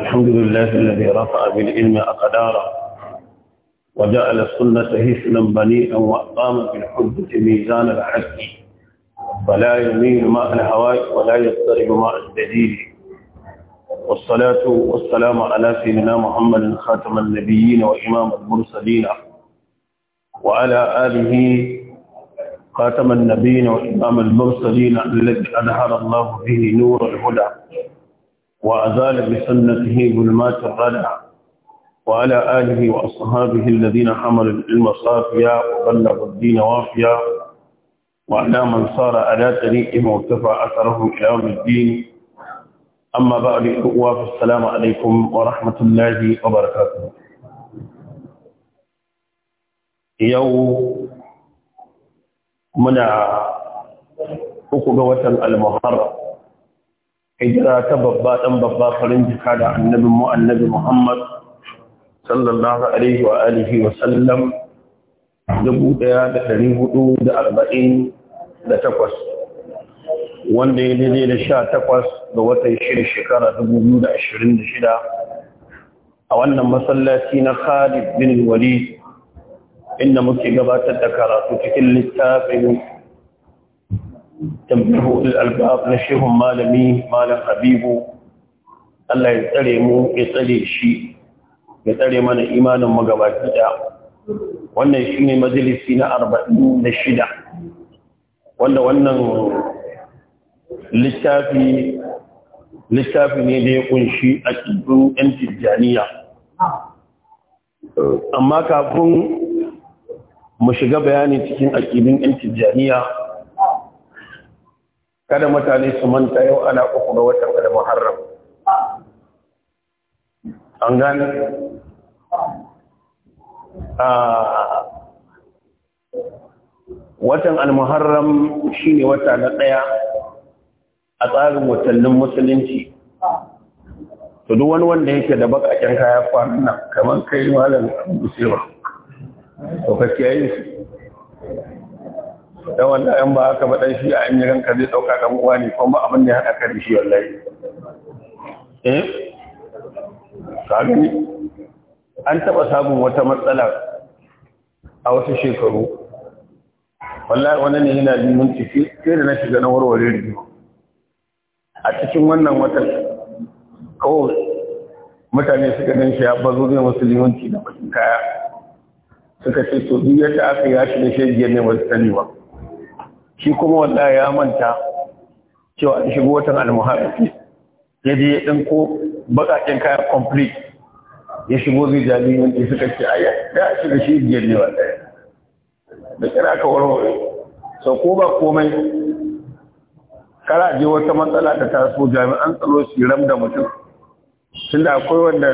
الحمد لله الذي رفع بالعلم أقدارا وجعل السنة هسلا بنيئا وأقام بالحجة ميزان العدل فلا يميل ماء الهواء ولا يضطرب ماء الدليل والصلاة والسلام على سيدنا محمد خاتم النبيين وإمام المرسلين وعلى آله خاتم النبيين وإمام المرسلين الذي أظهر الله به نور الهدى وأزال بسنته ظلمات الردع وعلى آله وأصحابه الذين حملوا العلم صافيا وبلغوا الدين وافيا وعلى من صار على طريقهم وارتفع أثرهم إلى يوم الدين أما بعد أخوة السلام عليكم ورحمة الله وبركاته يوم منع أخوة المحرم hijira ta babba ɗan babba farin jika da annabin mu annabi Muhammad sallallahu alaihi wa alihi wa sallam takwas wanda ya daidai da sha takwas ga watan shida shekara dubu biyu da da ashirin shida, a wannan masallaci na Khalid bin Walid inda muke gabatar da karatu cikin littafin tambihu al-albab na shehun malami malam habibu Allah ya tsare mu ya tsare shi ya tsare mana imanin mu gabaki da wannan shine majalisi na 46 wanda wannan littafi littafi ne da ya kunshi a cikin yan tijjaniya amma kafin mu shiga bayani cikin aƙidin yan tijjaniya kada mutane su manta yau ana uku ga watan da muharram an gane ah, watan al-muharram shine wata na daya a tsarin watannin musulunci to duk wani wanda yake da bakakin kaya kwanan nan kamar kai malam musulma to gaskiya dan wanda in ba haka ba dan shi a yin ranka zai dauka dan uwa ne kuma abin da ya hada ka da shi wallahi eh ka gani an taba samun wata matsala a wasu shekaru wallahi wannan ne yana jin mun ciki sai da na shiga na warware rigima a cikin wannan watan kawai mutane suka dan shi ya bazo zai musulunci da bakin kaya suka ce to duk yadda aka yashi da shegiyar ne wasu sani ba shi kuma wanda ya manta cewa an shigo watan almuharram ya je ya ko bakakin kaya complete ya shigo zai jami wanda suka ce ayya ya shiga shi biyar ne wa da kira ka warware so ko ba komai kara je wata matsala ta taso jami'an tsaro su ram da mutum tunda akwai wanda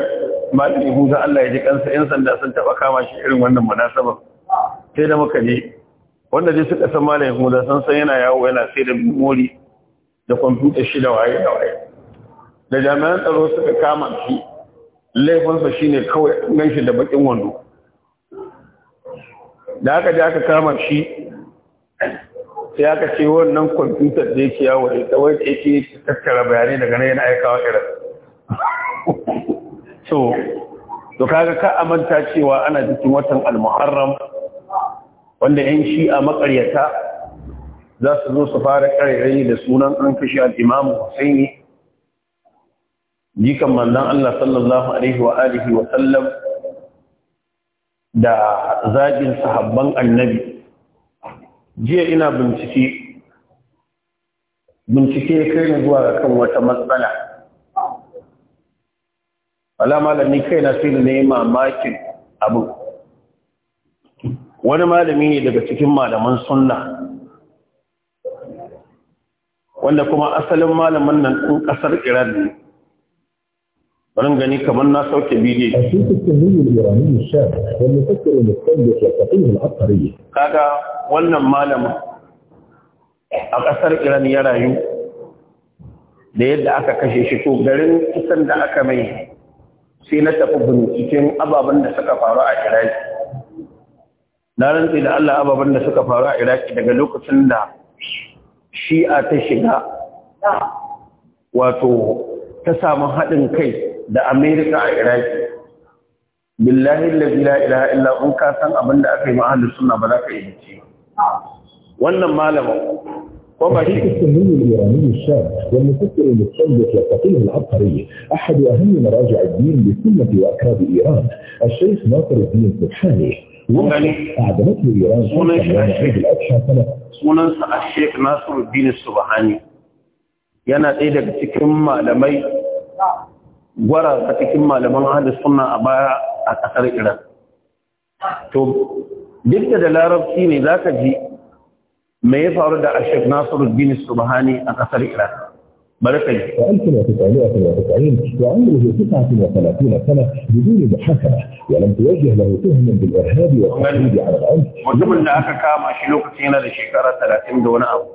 malami huza Allah ya ji kansa yan sanda sun taba kama shi irin wannan munasabar sai da muka ne wanda dai suka san malamin huda san san yana yawo yana sai da mori da kwamfuta shi da waye da waye da jami'an tsaro suka kama shi laifinsa shine kawai shi da bakin wando da aka je aka kama shi sai aka ce wannan kwamfutar da yake yawo da tsawai da yake tattara bayanai daga nan yana aikawa irin so to kaga ka amanta cewa ana cikin watan al-muharram wanda yan shi'a makaryata za su zo su fara ƙarairayi da sunan an kashe al'imamu Husaini jikan manzan Allah sallallahu Alaihi wa alihi wa sallam da zagin sahabban annabi jiya ina bincike bincike kai ne zuwa kan wata matsala wala malami kai na sai ne mamakin abu wani malami ne daga cikin malaman sunna wanda kuma asalin malaman nan ɗin ƙasar iran ne gani kamar na sauke bidiyo kaga wannan malamin a ƙasar iran ya rayu da yadda aka kashe shi to garin kusan da aka mai sai na tafi binciken ababen da suka faru a iraki na rantsi da Allah ababen da suka faru a Iraki daga lokacin da shi'a ta shiga wato ta samu haɗin kai da Amerika a Iraki billahi la ilaha illa in ka san abin da aka yi ma ahlus sunna ba za ka yi bici wannan malamin ko ba shi الإيراني الشاب والمفكر المتشدد والفقيه العبقري أحد أهم مراجع الدين لسنة وأكراد إيران الشيخ ناصر الدين سبحاني وقال أعدمته إيران sunan sa a sheik nasiruddin subhani yana ɗaya daga cikin malamai gwara ta cikin malaman hadis sunna a baya a ƙasar iran to duk da larabci ne za ka ji me ya faru da ashek nasiruddin subhani a ƙasar iran بركي وأنت وعمره 39 سنة بدون محاكمة ولم توجه له تهم بالإرهاب والتحديد على العنف وجبل لك كام أشيلوك سينا لشكرة 30 دون أبو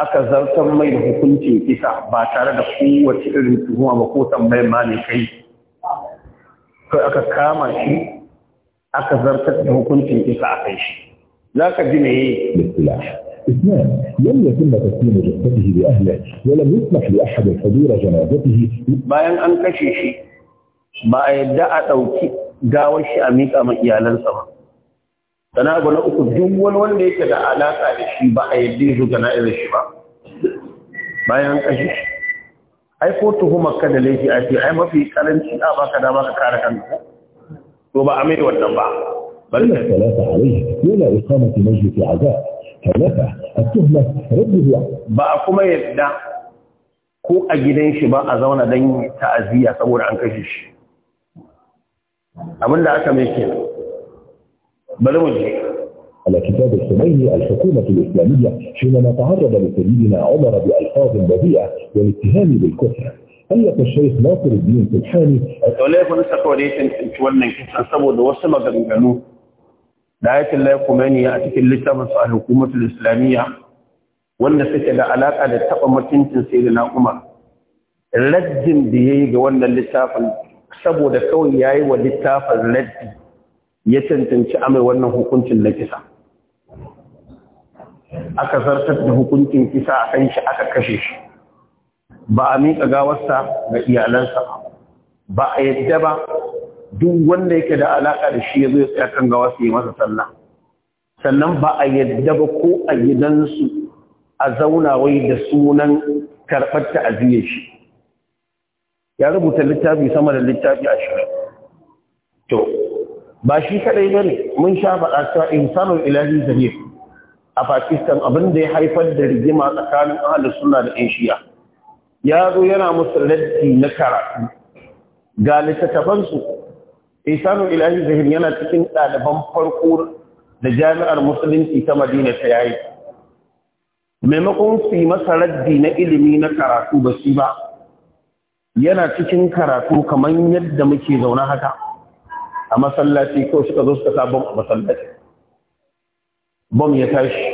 aka zartar mai da hukuncin kisa ba tare da مقوطا irin tuhuma ba ko tambayar ma ne kai kai aka kama shi aka zartar اثنان لم يتم تسليم جثته لاهله ولم يسمح لاحد حضور جنازته بعد ان كشف شيء بعد ان اوكي غاوي شي اميق ام ايالن سما انا اقول لكم جول ولا يك ده علاقه بشي با يدي شو جنازه شي با بعد ان كشف اي فوتو هما كده ليه في اي ما في كارنتي ابا كده ما كاركن تو با امي ودن با بل ثلاثه عليه الى اقامه مجلس عزاء talata a tuhla rabbiya ba a kuma yadda ko a gidan shi ba a zauna dan ta'aziya saboda an kashe shi abinda aka mai ke bari mu je على كتاب الخميني الحكومة الإسلامية حينما تعرض لسيدنا عمر بألفاظ بذيئة والاتهام بالكفر ألف الشيخ ناصر الدين سبحاني ولكن لسه كوريتين تولن كيف أصبوا دوسما غنغنو da ayatul lahi ne a cikin littafin sa hukumatul islamiyya wanda suke da alaka da taba mutuncin na umar raddin da yayi ga wannan littafin saboda kawai yayi wa littafin raddi ya cancanci amai wannan hukuncin na kisa aka zartar da hukuncin kisa a kan shi aka kashe shi ba a miƙa gawarsa ga iyalansa ba a yadda ba duk wanda yake da alaka da shi ya tsaya kan gawa su yi masa sallah sannan ba a yadda ba ko a gidansu a zauna wai da sunan karɓar aziye shi ya rubuta littafi sama da littafi a shi. to ba shi kadai ba ne mun sha faɗa cewa insanul ilahi zarif a pakistan abin da ya haifar da rigima tsakanin ahalus suna da yan shiya ya zo yana musu laddi na karatu ga littattafansu isanu ilahi zahir yana cikin ɗaliban farko da jami'ar musulunci ta madina ta yayi maimakon su yi masa raddi na ilimi na karatu ba shi ba yana cikin karatu kamar yadda muke zaune haka a masallaci ko suka zo suka sabon a masallaci bom ya tashi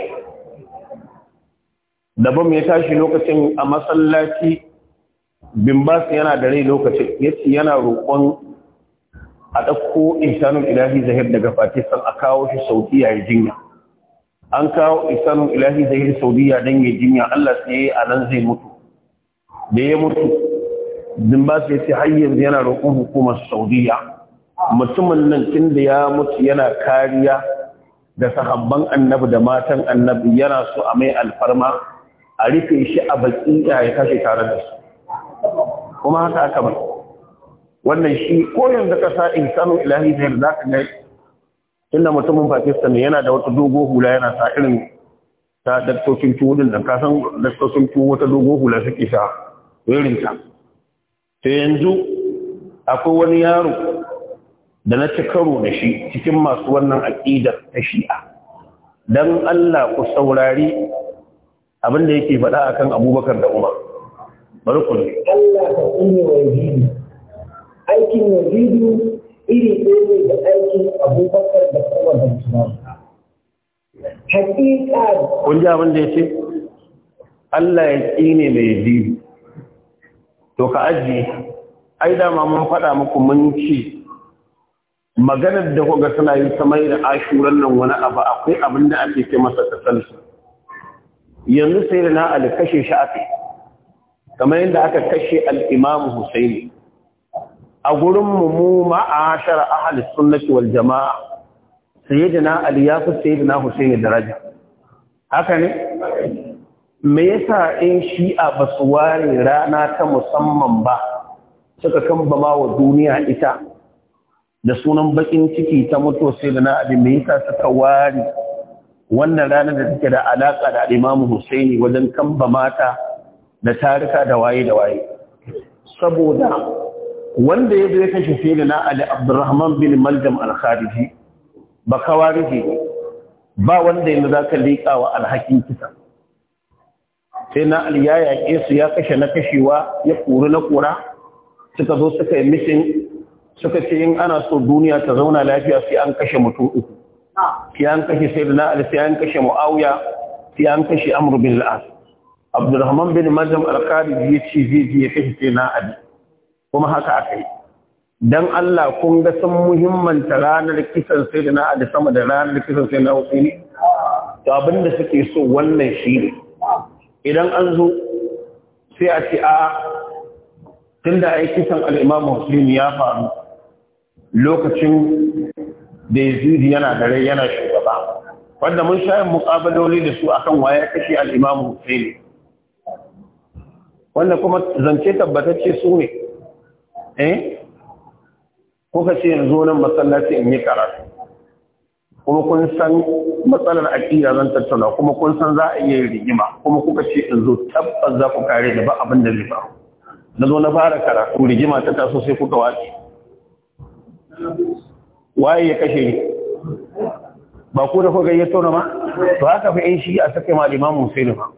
da bom ya tashi lokacin a masallaci bimbas yana da rai lokacin yace yana roƙon a ɗauko insanun ilahi zahir daga pakistan a kawo shi saudiya ya jinya an kawo insanun ilahi zahir saudiya don ya jinya allah tsaye a nan zai mutu da ya mutu zimbabwe ya ce har yanzu yana roƙon hukumar saudiya mutumin nan tun da ya mutu yana kariya da sahabban annabi da matan annabi yana so a mai alfarma a rufe shi a baƙi ya kashe tare da su kuma haka aka wannan shi ko yanzu kasa insanu ilahi ne da ka ga tunda mutumin Pakistan yana da wata dogo hula yana sa irin ta daktocin tuwo da kasan daktocin tuwo wata dogo hula suke sa irin ta to yanzu akwai wani yaro da na ci karo da shi cikin masu wannan aƙidar ta shi'a dan Allah ku saurari abin da yake faɗa akan Abubakar da Umar barkun Allah ka tsine wa aikin yazidu iri ɗaya da aikin abubakar da kuma da hakika kun ji abin da ya ce Allah ya tsine mai yazidu to ka ajiye ai dama mun faɗa muku mun ce maganar da kuka tana yi ta mai da ashuran nan wani abu akwai abin da ake ce masa tasalsu yanzu sai da na kashe shi aka kamar yadda aka kashe alimamu Hussaini. a gurin mu mu ma'ashar ahli sunnati wal jama'a sayyidina ali ya fi sayyidina husaini daraja haka ne me yasa in shi'a ba su ware rana ta musamman ba suka kambama wa duniya ita da sunan bakin ciki ta mutuwa sayyidina ali me yasa suka ware wannan ranar da take da alaka da Alimamu Hussaini wajen kambamata mata da tarika da waye da waye saboda wanda ya zo ya kashe sai na Ali Abdurrahman bin Maljam al-Khariji ba kawarije ba wanda yanzu za ka liƙa wa alhakin kisa sai na Ali ya yaƙe su ya kashe na kashewa ya kori na kora suka zo suka yi mishin suka ce in ana so duniya ta zauna lafiya sai an kashe mutum uku sai an kashe sai na Ali sai an kashe Muawiya sai an kashe Amr bin al-As Abdurrahman bin Maljam al-Khariji ya ce zai ya kashe sai na Ali kuma haka kai dan Allah kun ga san muhimmanta ranar kisan sai da na da sama da ranar kisan sai na ne to abinda suke so wannan shi ne. idan an zo sai a ce a tunda ai kisan al-Imam Husaini ya faru lokacin da yana da rai yana shugaba wanda mun sha yin mukabaloli da su akan waye kashi al-Imam Husaini wanda kuma zance tabbatacce su ne eh ko ka ce yanzu nan masallaci in yi karatu kuma kun san matsalar aƙida zan tattauna kuma kun san za a iya rigima kuma kuka ce in zo tabbas za ku kare da ba abin da zai faru na zo na fara karatu rigima ta taso sai kuka wace waye ya kashe ni ba ku da kuka ya tona ma to haka fa yan shi a sake ma limamu sai ba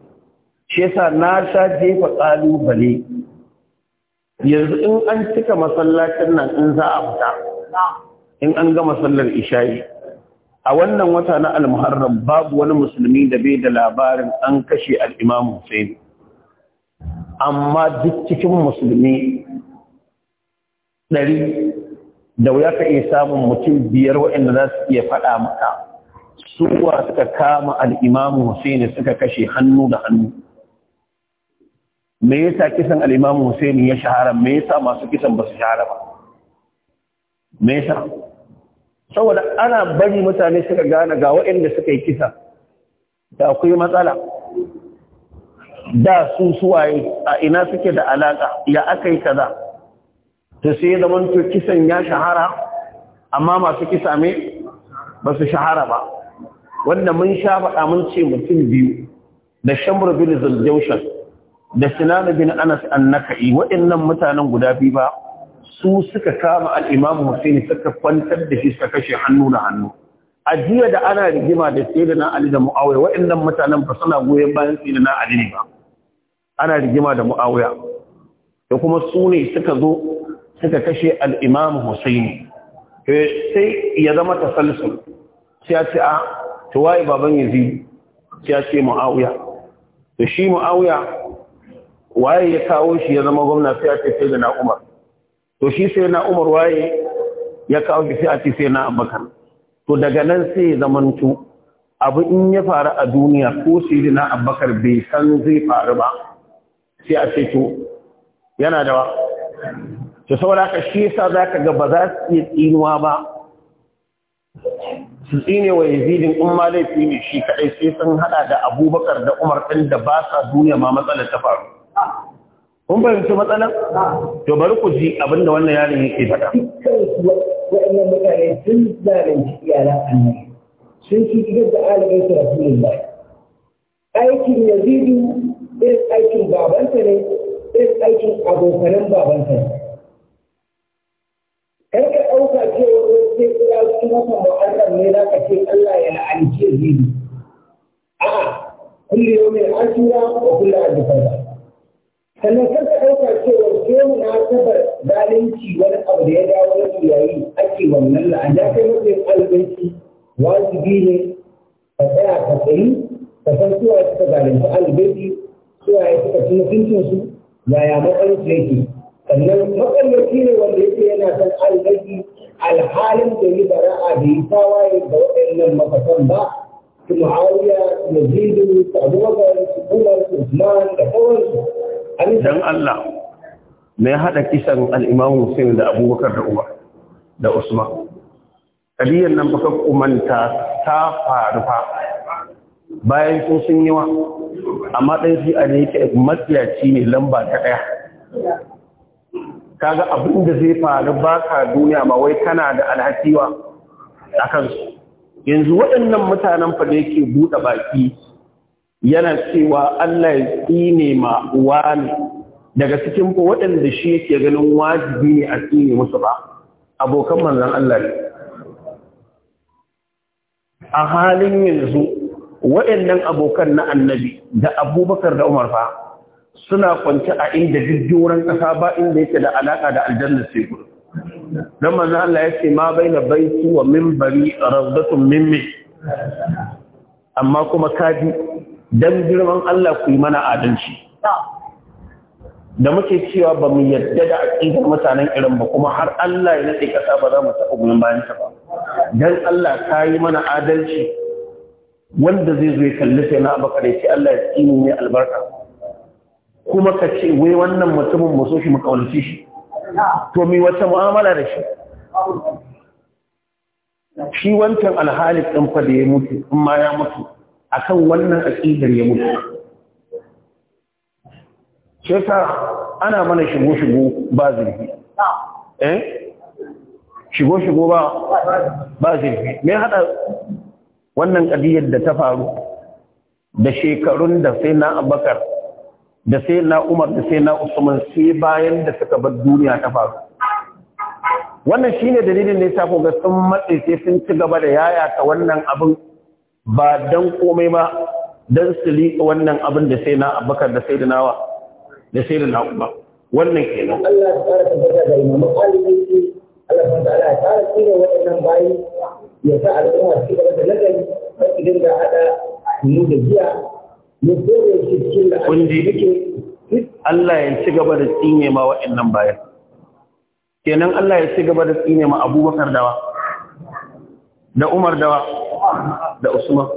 shi yasa na sha jefa ƙalubale yanzu in an cika masallacin nan in za a fita in an gama sallar isha'i a wannan wata na almuharram babu wani musulmi da bai da labarin an kashe al'imam Hussein amma duk cikin musulmi ɗari da wuya ka iya samun mutum biyar waɗanda za su iya faɗa maka suwa suka kama al'imam Hussein suka kashe hannu da hannu me yasa kisan al-Imam Hussein ya shahara me yasa masu kisan ba su shahara ba me yasa saboda ana bari mutane suka gane ga waɗanda suka yi kisa da akwai matsala da su suwaye a ina suke da alaka ya aka yi kaza to sai da to kisan ya shahara amma masu kisa me ba su shahara ba wanda mun sha faɗa mun ce mutum biyu da shamr bin da Sinan bin Anas annaka'i waɗannan mutanen guda biyu ba su suka kama al-Imam Hussein suka kwantar da shi suka kashe hannu da hannu a jiya da ana rigima da Sayyidina Ali da Muawiya waɗannan mutanen ba suna goyon bayan Sayyidina Ali ne ba ana rigima da Muawiya da kuma su ne suka zo suka kashe al-Imam Hussein sai ya zama tasalsul sai ya ce a ah, to waye baban yazi sai ya ce Muawiya to shi Muawiya waye ya kawo shi ya zama gwamna sai a ce sai da na umar to shi sai na umar waye ya kawo shi a ce sai na abubakar to daga nan sai ya zamantu abu in ya faru a duniya ko sai da na abubakar bai san zai faru ba sai a ce to yana da wa to saboda ka shi yasa zaka ga ba za su iya tsinuwa ba su tsine wa yazidin in ma laifi ne shi kadai sai sun hada da abubakar da umar din da ba sa duniya ma matsalar ta faru kun fahimci matsalar to bari ku ji abinda wannan yaron yake faɗa wa'annan mutane sun zalunci iyalan annabi sun ci gidan da alibai su rasulullah aikin yazidu irin aikin babanta ne irin aikin abokanan babanta ne kar ka ɗauka cewa wani sai kira su masa mu'allam ne za ka ce Allah ya la'anci yazidu a'a kullu yawmin asura wa kullu addu'a sannan kan ka ɗauka cewa ke na taɓa zalunci wani abu da ya dawo na iyayi ake wannan la'ada kai matsayin albanci wajibi ne ka tsaya ka tsayi ka san suwa suka zalunci albanci suwa ya suka ci mutuncinsu yaya matsayin su yake sannan matsalaci ne wanda yake yana san albanci alhalin da yi bara'a da yi tawaye da waɗannan mafasan ba su mu'awiya su yazidu su abubakar su kuma su usman da sauransu dan Allah mai hada kisan al-Imam Muslim da Abubakar da Umar da Usman kadiyar nan baka kumanta ta faru fa bayan sun sun yawa amma ɗan shi a ne yake matsiyaci ne lamba ta ɗaya kaga abin da zai faru baka duniya ba wai kana da alhakiwa a kansu yanzu waɗannan mutanen fa da yake buɗe baki yana cewa Allah ya tsine ma wani daga cikin ko waɗanda shi yake ganin wajibi ne a tsine musu ba abokan manzon Allah ne a halin yanzu waɗannan abokan na annabi da abubakar da umar fa suna kwanci a inda jujjuran ƙasa ba inda yake da alaƙa da aljanna sai gudu don manzon Allah ya ce ma bai na baiti wa mimbari rawdatun mimmi amma kuma kaji don girman Allah ku yi mana adalci da muke cewa ba mu yadda da aƙidar mutanen irin ba kuma har Allah ya nade kasa ba za mu taɓa goyon bayan ta ba dan Allah ka yi mana adalci wanda zai zo ya kalli sai na abakar ya ce Allah ya tsini ne albarka kuma ka ce wai wannan mutumin mu so shi mu kaulace shi to mi wata mu'amala da shi shi wancan alhali ɗin fa da ya mutu in ma ya mutu akan wannan aqidar ya mutu shesa ana mana shigo shigo ba zurfi eh shigo shigo ba ba zurfi me hada wannan kadiyar da ta faru da shekarun da sai na abakar da sai na umar da sai na usman sai bayan da suka bar duniya ta faru wannan shine dalilin da ya sa ga sun matse sai sun ci gaba da yayata wannan abin ba dan komai ba dan su li wannan abin da sai na abakar da sai da nawa da sai da na ba wannan kenan Allah ya fara da imamu Allah ya fara da hada mu Allah ya ci gaba da tsine ma wa'annan bayan kenan Allah ya ci gaba da tsine ma Abubakar dawa da Umar dawa da Usman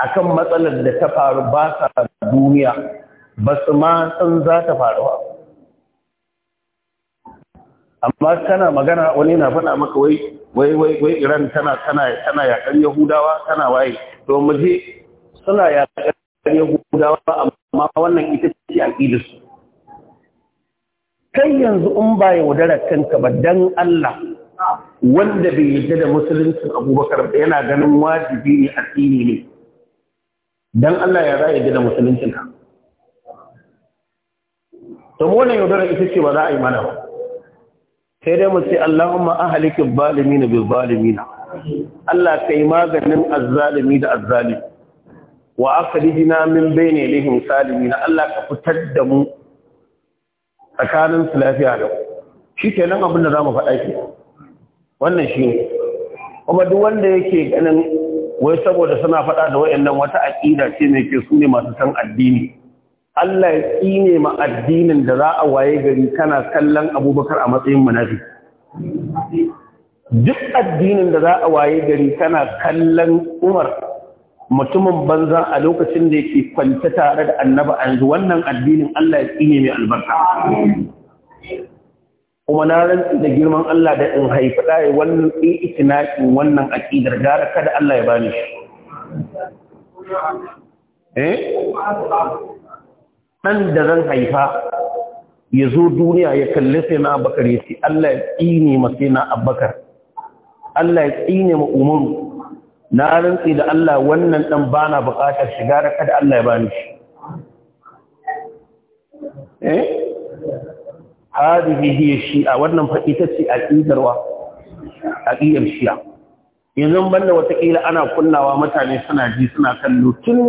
akan matsalar da ta faru ba sa duniya ba su ma san za ta faru amma kana magana wani na faɗa maka wai wai wai wai Iran tana tana tana yakan Yahudawa tana waye to mu je suna yakan Yahudawa amma wannan ita ce aqidar su kai yanzu in ba yaudarar kanka ba dan Allah wanda bai yadda da musuluncin abubakar ba yana ganin wajibi ne a tsini ne don Allah ya za yadda da musuluncin ka to mu yaudara ita ce ba za a yi mana ba sai dai mu ce Allahumma ahliki zalimina bil zalimina Allah kai maganin azzalimi da azzalimi wa akhrijna min bayni lihim salimina Allah ka fitar da mu tsakanin su lafiya da ku shi kenan abin da za mu faɗa ke wannan shi kuma duk wanda yake ganin wai saboda suna faɗa da wayannan wata aƙida ce mai ke su ne masu san addini Allah ya tsine ma addinin da za a waye gari kana kallon abubakar a matsayin munafi duk addinin da za a waye gari kana kallon umar mutumin banza a lokacin da yake kwance tare da a yanzu, wannan addinin Allah ya tsine mai albarka kuma na rantsi da girman Allah da in haifi ɗaya wannan itinaki wannan aƙidar gara kada Allah ya bani shi. Eh? Ɗan da zan haifa ya zo duniya ya kalli sai na abakar ya ce Allah ya tsine ma sai na abakar. Allah ya tsine ma umaru. Na rantsi da Allah wannan ɗan ba na buƙatar shiga da kada Allah ya bani shi. Eh? hadhihi hiya shi'a wannan fa ita ce aqidar aqidar shi'a yanzu banda watakila ana kunnawa mutane suna ji suna kallo tun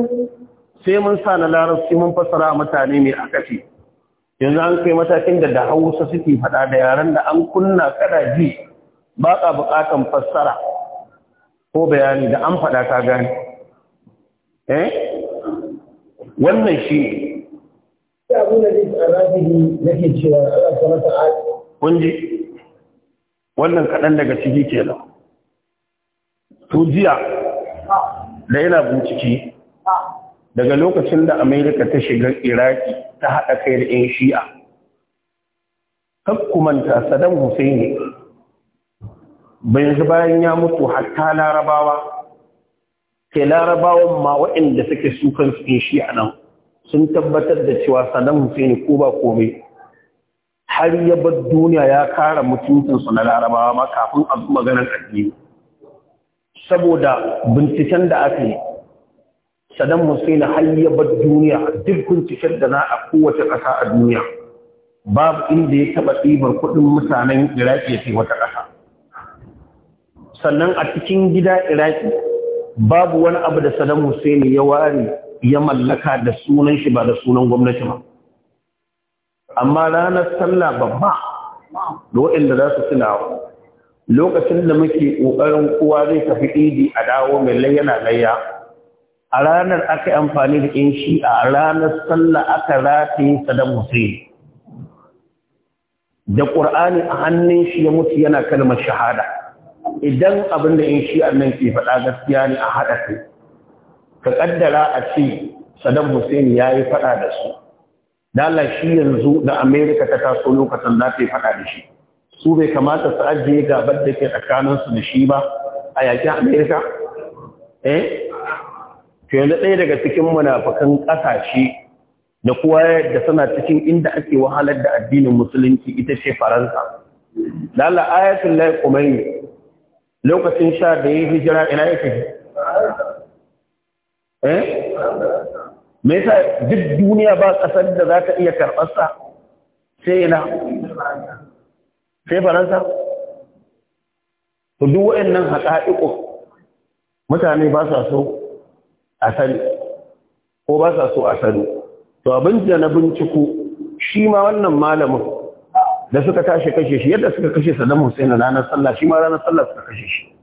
sai mun sa na larabci mun fassara mutane mai akafi yanzu an kai matakin da da hausa suke faɗa da yaren da an kunna kada ji ba ka buƙatan fassara ko bayani da an faɗa ka gani eh wannan shi wannan kaɗan daga ciki kenan to jiya da yana bincike daga lokacin da amerika ta shiga iraki ta haɗa kai da 'yan shi'a kakkumanta saddam hussein bai bayan ya mutu hatta larabawa ke larabawan ma waɗanda suke sukan su shi'a nan sun tabbatar da cewa Sadan Hussein ko ba kome har ya bar duniya ya kara mutuncinsu na larabawa ma kafin a maganar addini saboda binciken da aka yi Hussein har ya bar duniya duk binciken da za a kowace ƙasa a duniya babu inda ya taɓa ɗibar kuɗin mutanen Iraki ya fi wata ƙasa sannan a cikin gida Iraki babu wani abu da Sadan Hussein ya ware ya mallaka da sunan shi ba da sunan gwamnati ba amma ranar sallah babba da waɗanda za su suna lokacin da muke ƙoƙarin kowa zai tafi idi a dawo mai layyana layya a ranar aka yi amfani da ƴan shi a ranar sallah aka rataye sadan hussein da ƙur'ani a hannun shi ya mutu yana kalmar shahada idan abin da ƴan shi nan ke faɗa gaskiya ne a haɗa kai ka kaddara a ce Saddam Hussein ya yi faɗa da su dala shi yanzu da Amerika ta taso lokacin za ta yi faɗa da shi su bai kamata su ajiye gabar da ke tsakaninsu da shi ba a yakin Amerika eh to yanzu ɗaya daga cikin munafukan ƙasashe da kowa da suna cikin inda ake wahalar da addinin musulunci ita ce Faransa lalla ayatul lahi kumaini lokacin sha da ya hijira ina yake eh me yasa duk duniya ba kasar da za ta iya karɓarsa? sai yana sai faransa to duk waɗannan haƙa'iƙo mutane ba sa so a sani ko ba sa so a sani to abin da na binciko shi ma wannan malamin da suka tashi kashe shi yadda suka kashe Saddam Hussein ranar sallah shi ma ranar sallah suka kashe shi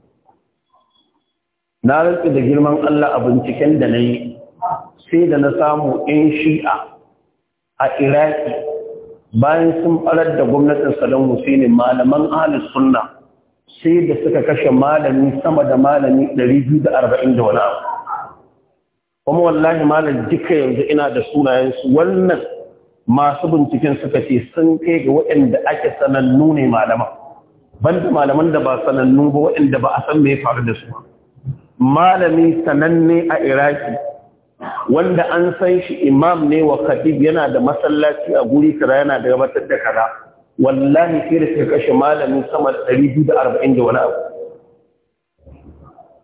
na rantsu da girman Allah a binciken da na yi sai da na samu 'yan shi'a a iraki bayan sun farar da gwamnatin salon husaini malaman ahalus sunna sai da suka kashe malami sama da malami 240 da wani abu kuma wallahi malam duka yanzu ina da sunayensu wannan masu binciken suka ce sun kai ga waɗanda ake sanannu ne malaman banda malaman da ba sanannu ba waɗanda ba a san me ya faru da su ba malami sananne a iraki wanda an san shi imam ne wa khatib yana da masallaci a guri kira yana da gabatar da kaza wallahi sai da suka kashe malamin sama da 240 da wani abu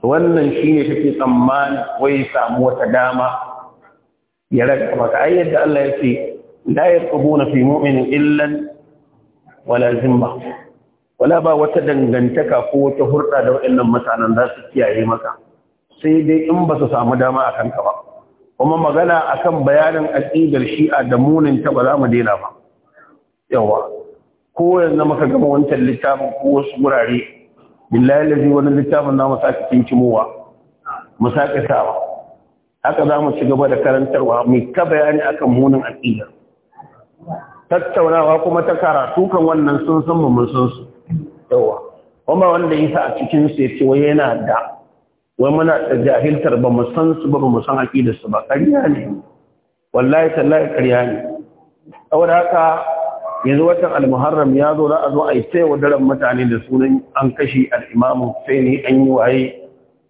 wannan shine take tsammani wai samu wata dama ya raka maka ai yadda Allah ya ce la yaqbuna fi mu'minin illan wala zimma wala ba wata dangantaka ko wata hurɗa da waɗannan mutanen za su kiyaye maka sai dai in ba su samu dama a kanka ba kuma magana akan bayanin aƙidar shi'a da munin ta ba za mu daina ba yawa ko yanzu muka gama wancan littafin ko wasu wurare billahi lazi wani littafin za mu sake kinkimowa mu sake sawa haka za mu ci gaba da karantarwa mai ta bayani akan munin aƙidar tattaunawa kuma ta karatu kan wannan sun san mu mun san su yawa kuma wanda yasa a cikin su yace wai yana da wai muna da jahiltar ba mu san su ba mu san aqidar su ba ƙarya ne wallahi tallahi ƙarya ne saboda haka yanzu watan al-muharram ya zo za a zo a yi sai wadaran mutane da sunan an kashi al imam sai ne an yi waye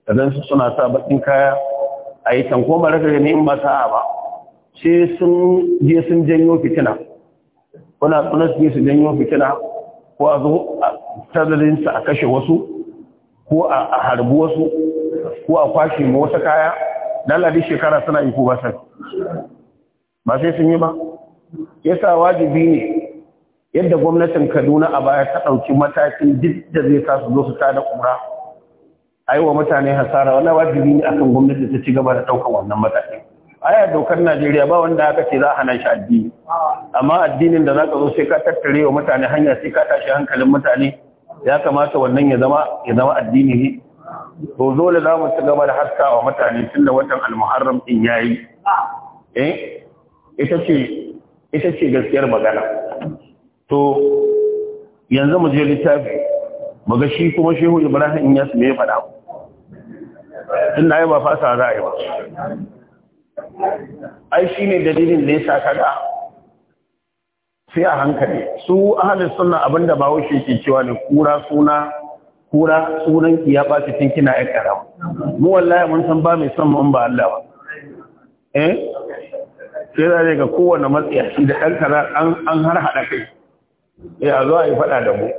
da su suna sa bakin kaya a yi mara ga ne in ba sa'a ba sai sun je sun janyo fitina kuna kuna su je su janyo fitina ko a tazarinsa a kashe wasu ko a harbi wasu ko a kwashe ma wasu kaya lalari shekara suna yi ko ba sai sun yi ba yasa wajibi ne yadda gwamnatin kaduna a baya ta ɗauki matakin duk da zai sa su zo su tada ƙura a yi wa mutane hasara wani wajibi ne akan gwamnati ta ci gaba da ɗaukar wannan matakin aya dokar najeriya ba wanda aka ce za a hana shi addini amma addinin da za ka zo sai ka tattare wa mutane hanya sai ka tashi hankalin mutane ya kamata wannan ya zama ya zama addini ne to dole za mu ci gaba da haska wa mutane tun da watan almuharram din yayi eh ita ce ita ce gaskiyar magana to yanzu mu je littafi mu ga shi kuma shehu ibrahim ya me ya faɗa tun da ai ba fasa za a yi ba ai shine dalilin da ya sa kaga sai a hankali su ahalin suna abinda ba haushe ke cewa ne kura suna kura sunan ya ɓaci cikin kina ya ƙara mu wallahi mun san ba mai son mun ba Allah ba eh sai da ne ga kowane shi da ɗan kara an har haɗa kai ya eh, zo a yi faɗa da mu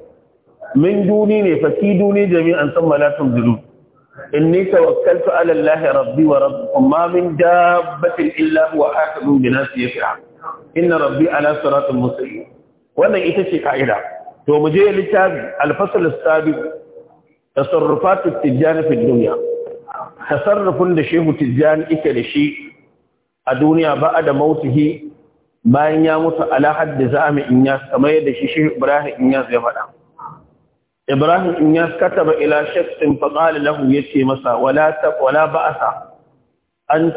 min duni ne fa ki duni jami'an san malatun zulu inni tawakkaltu ala Allah rabbi wa rabbukum ma min dabbatin illa huwa ahadun bi nasiha inna rabbi ala siratin mustaqim wannan ita ce kaida to mu je littafi al-fasl as-sabiq tasarrufat at-tijani fi dunya tasarrufun da shehu tijani yake da shi a duniya ba da mautihi bayan ya mutu ala haddi za'ami inyas kamar yadda shi shehu ibrahim in ya faɗa ibrahim inyas kataba ila shakhsin fa qala lahu yace masa wala ta wala ba'sa an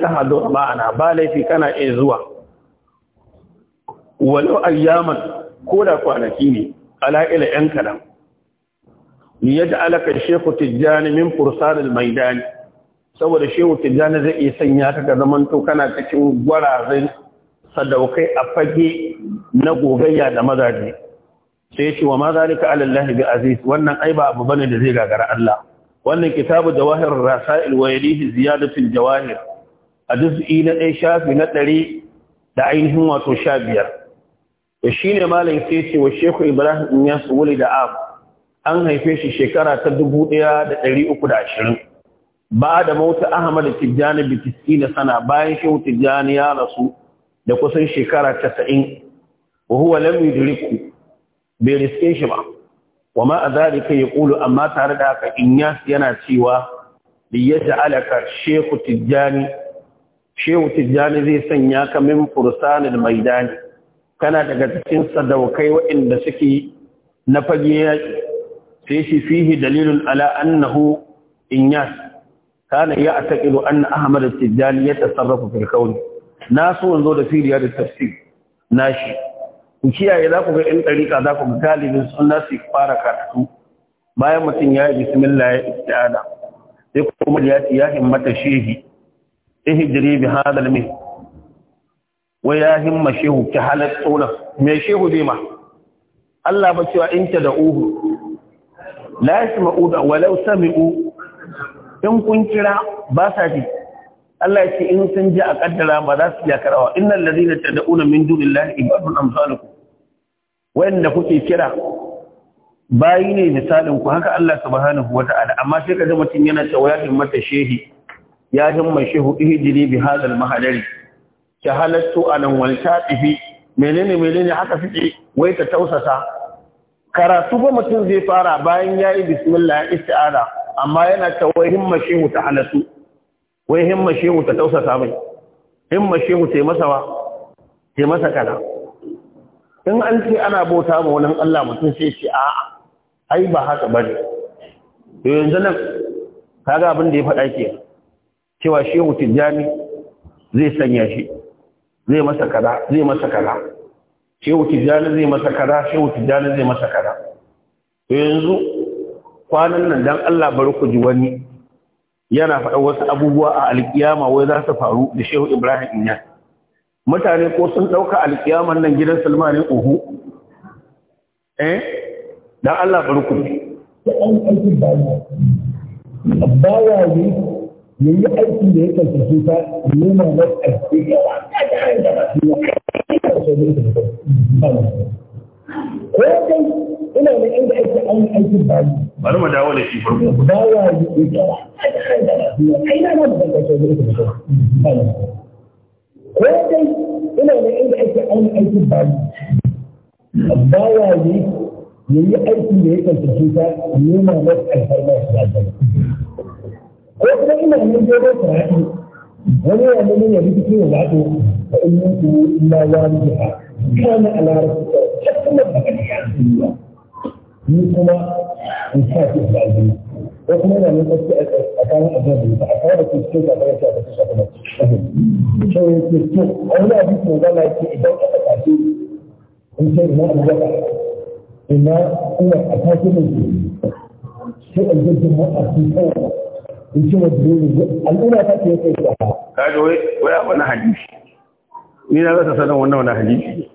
ma'ana ba laifi kana iya zuwa walau ayyaman ko da kwanaki ne ala'ila ‘yan kaɗan ni yadda alaka shehu tijjani min fursarar maidani saboda shehu tijjani zai iya sanya ka ga zaman to kana cikin gwarazin sadaukai a fage na gogayya da mazaje sai ce wa ma zalika alallahi bi aziz wannan ai ba abu bane da zai gagara Allah wannan kitabu jawahir rasail wa yalihi ziyadatul jawahir a juz'i na ɗaya shafi na ɗari da ainihin wato sha biyar shi ne malam sai ce wa shehu ibrahim ya wuli da am an haife shi shekara ta da ashirin. ba da mota ahmad tijjani bitiski na sana bayan shehu tijjani ya rasu da kusan shekara 90 wa huwa lam yudriku bai riske shi ba wa ma ya Kulu amma tare da haka inyas yana cewa li yaj'alaka shehu tijjani shehu tijjani zai sanya ka min da maidani kana daga cikin sadaukai waɗanda suke na fage ya sai shi fihi dalilun ala annahu inyas kana ya atakilu anna ahmad at-tijani yatasarrafu fil kawn na so zo da firiya da tafsir nashi ku kiyaye za ku ga in ɗariƙa za ku ga galibin sunna su fara karatu bayan mutum ya yi bismillah ya isti'ada sai kuma ya ce ya himmata shehi ihdiri bi hadal min wai ya himma shehu ki halatto nan me shehu zai ma Allah ba cewa in ta da uhu la yasma'u da walau sami'u in kun kira ba sa ji Allah ya ce in sun ji a kaddara ba za su iya karawa innal ladina tad'una min dunillahi ibadun ku. Wayanda kuke kira bayi ne misalin ku haka Allah subhanahu wata'ala amma sai ka kaga mutum yana cewa ya himmata shehi ya himma shehu ihdili bi hadal mahadari ki halattu anan wal shafi menene menene haka fice wai ta tausasa karatu ba mutum zai fara bayan yayi bismillah isti'ada amma yana ta wai himma shehu ta halattu wai himma shehu ta tausasa mai himma shehu ta masa wa ta masa kana in an ce ana bauta ma wani Allah mutum sai ce a'a ai ba haka bane to yanzu nan kaga abin da ya faɗa ke cewa shehu tijjani zai sanya shi zai masa kada, zai masa kada. shehu tijjani zai masa kada, shehu tijjani zai masa kada. to yanzu kwanan nan dan Allah bari ku ji wani yana faɗa wasu abubuwa a alkiyama wai za su faru da shehu ibrahim Inna. mutane ko sun ɗauka alkiyaman nan gidan salmanin uhu eh dan Allah bari ku ji baya yi yayi aikin da ya kalfafe ta nema wasu aiki bari. mu dawo da shi farko. Ko ina da inda ake an aikin bari. Bawa ne ya yi aikin da ya kanta cuta nema wasu alfarma su da Ko kuma ina wani yana nan ya rikici ne zato kana da ya ni kuma in sa ki da ko kuma yana nan a kan ba a kawai da ina cikin ba ya ta saka ba to ya to wani abin ko ga lafiya idan aka tafi in sai na ina kuma a tafi ne sai a in al'umma ta ce kai a kaji wai wani hadisi ni na rasa sanin wannan wani hadisi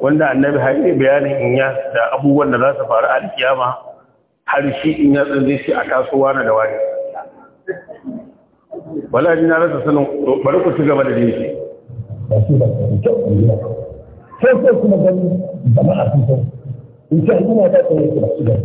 wanda annabi har yi bayanin in ya da abubuwan da za su faru a kiyama har shi in ya tsanzi shi a kasuwa na da wani wala na rasa sanin bari ku ci gaba da dinki sai sai kuma gani in al'umma ta su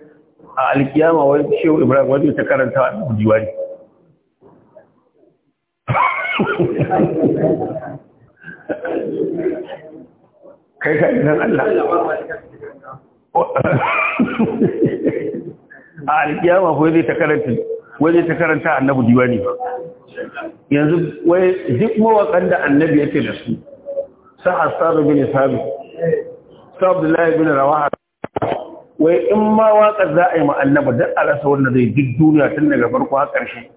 a alkiyama wani shehu ibrahim wani ta karanta a gujiwari kai ka idan Allah a alkiyama ko zai ta karanta wai ta karanta annabi diwani ba yanzu wai duk mawakan da annabi yake da su sa hasabu bin sabi sa abdullahi bin rawaha wai in ma waƙar za a yi ma'annaba don a rasa wanda zai duk duniya tun daga farko a ƙarshe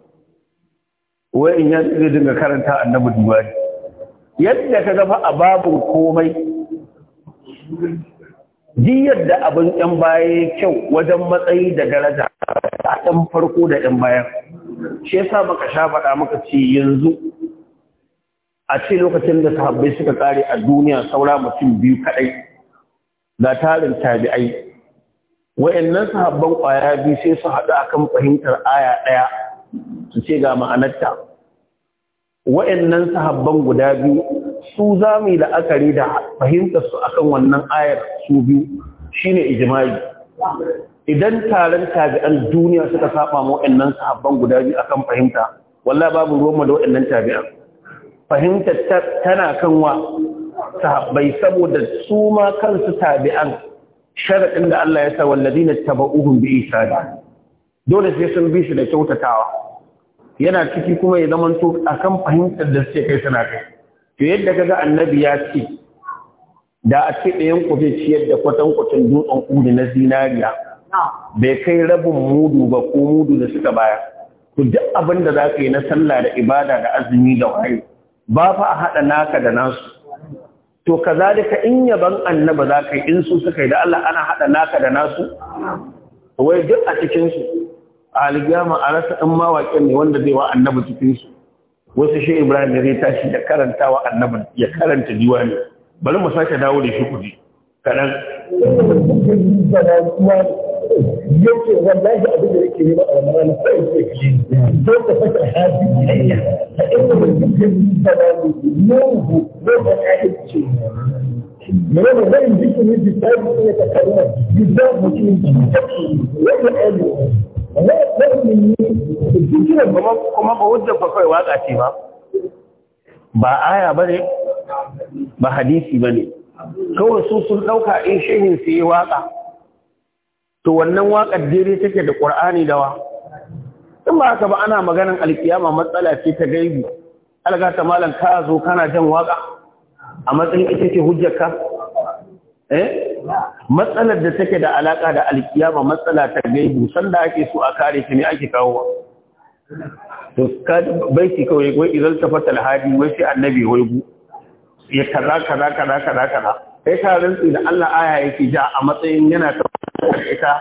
wai in ya zai dinga karanta annabi dubari yadda ka gafa a babin komai duk yadda abin 'yan baya kyau wajen matsayi da daraja a ɗan farko da 'yan bayan shi yasa maka sha faɗa maka ce yanzu a ce lokacin da sahabbai suka ƙare a duniya saura mutum biyu kaɗai ga tarin tabi'ai wa'annan sahabban kwaya biyu sai su haɗu akan fahimtar aya ɗaya su ce ga ma'anarta wa'annan sahabban guda biyu su za mu yi la'akari da fahimtar su akan wannan ayar su biyu shine ijimai. idan taron tabi'an duniya suka saba mu wa'annan sahabban guda biyu akan fahimta wallahi babu ruwan da wa'annan tabi'an fahimtar tana kan sahabbai saboda su ma kansu tabi'an sharaɗin da Allah ya sa wallazina tabauhum bi isada dole sai sun bi shi da kyautatawa yana ciki kuma ya zama to kan fahimtar da suke kai suna kai to yadda kaga annabi ya ce da a ce ɗayan yanku zai ciyar da kwatan dutsen udu na zinariya bai kai rabin mudu ba ko mudu da suka baya to duk abin da za ka yi na sallah da ibada da azumi da wayo ba fa a haɗa naka da nasu to kazalika in yaban annaba za ka yi in su suka yi da Allah ana haɗa naka da nasu wai duk a cikinsu a aligama a rasa ɗan mawaƙin ne wanda zai wa annabi cikinsu wasu shi ibrahim da zai tashi da karanta wa annabi ya karanta diwani bari mu sake dawo da shi kuɗi kaɗan yake wallahi abin da yake yi ba a wannan ranar sai yake kashi don ka fata hajji ilayya ta inda ban yake da wani nuhu ko ba ka yake من هو غير ذكر من الكتاب يتكلم بالذات وكيل ولا قالوا ولا يقبل مني ba kuma ba hujjar ba waka ce ba ba aya bane ba hadisi bane kawai su sun ɗauka in shehin su yi waka to wannan waƙar daidai take da ƙur'ani dawa in ba haka ba ana maganar alkiyama matsala ce ta gaibi alga ta malam ka zo kana jan waƙa a matsayin ita ce hujjarka eh matsalar da take da alaka da alkiyama matsala ta gaibi sanda ake so a kare shi ne ake kawo to ka baiti kawai wai idan ta fata alhadi wai sai annabi wai gu ya kaza kaza kaza kaza kaza sai ka rantsi da Allah aya yake ja a matsayin yana ta. ita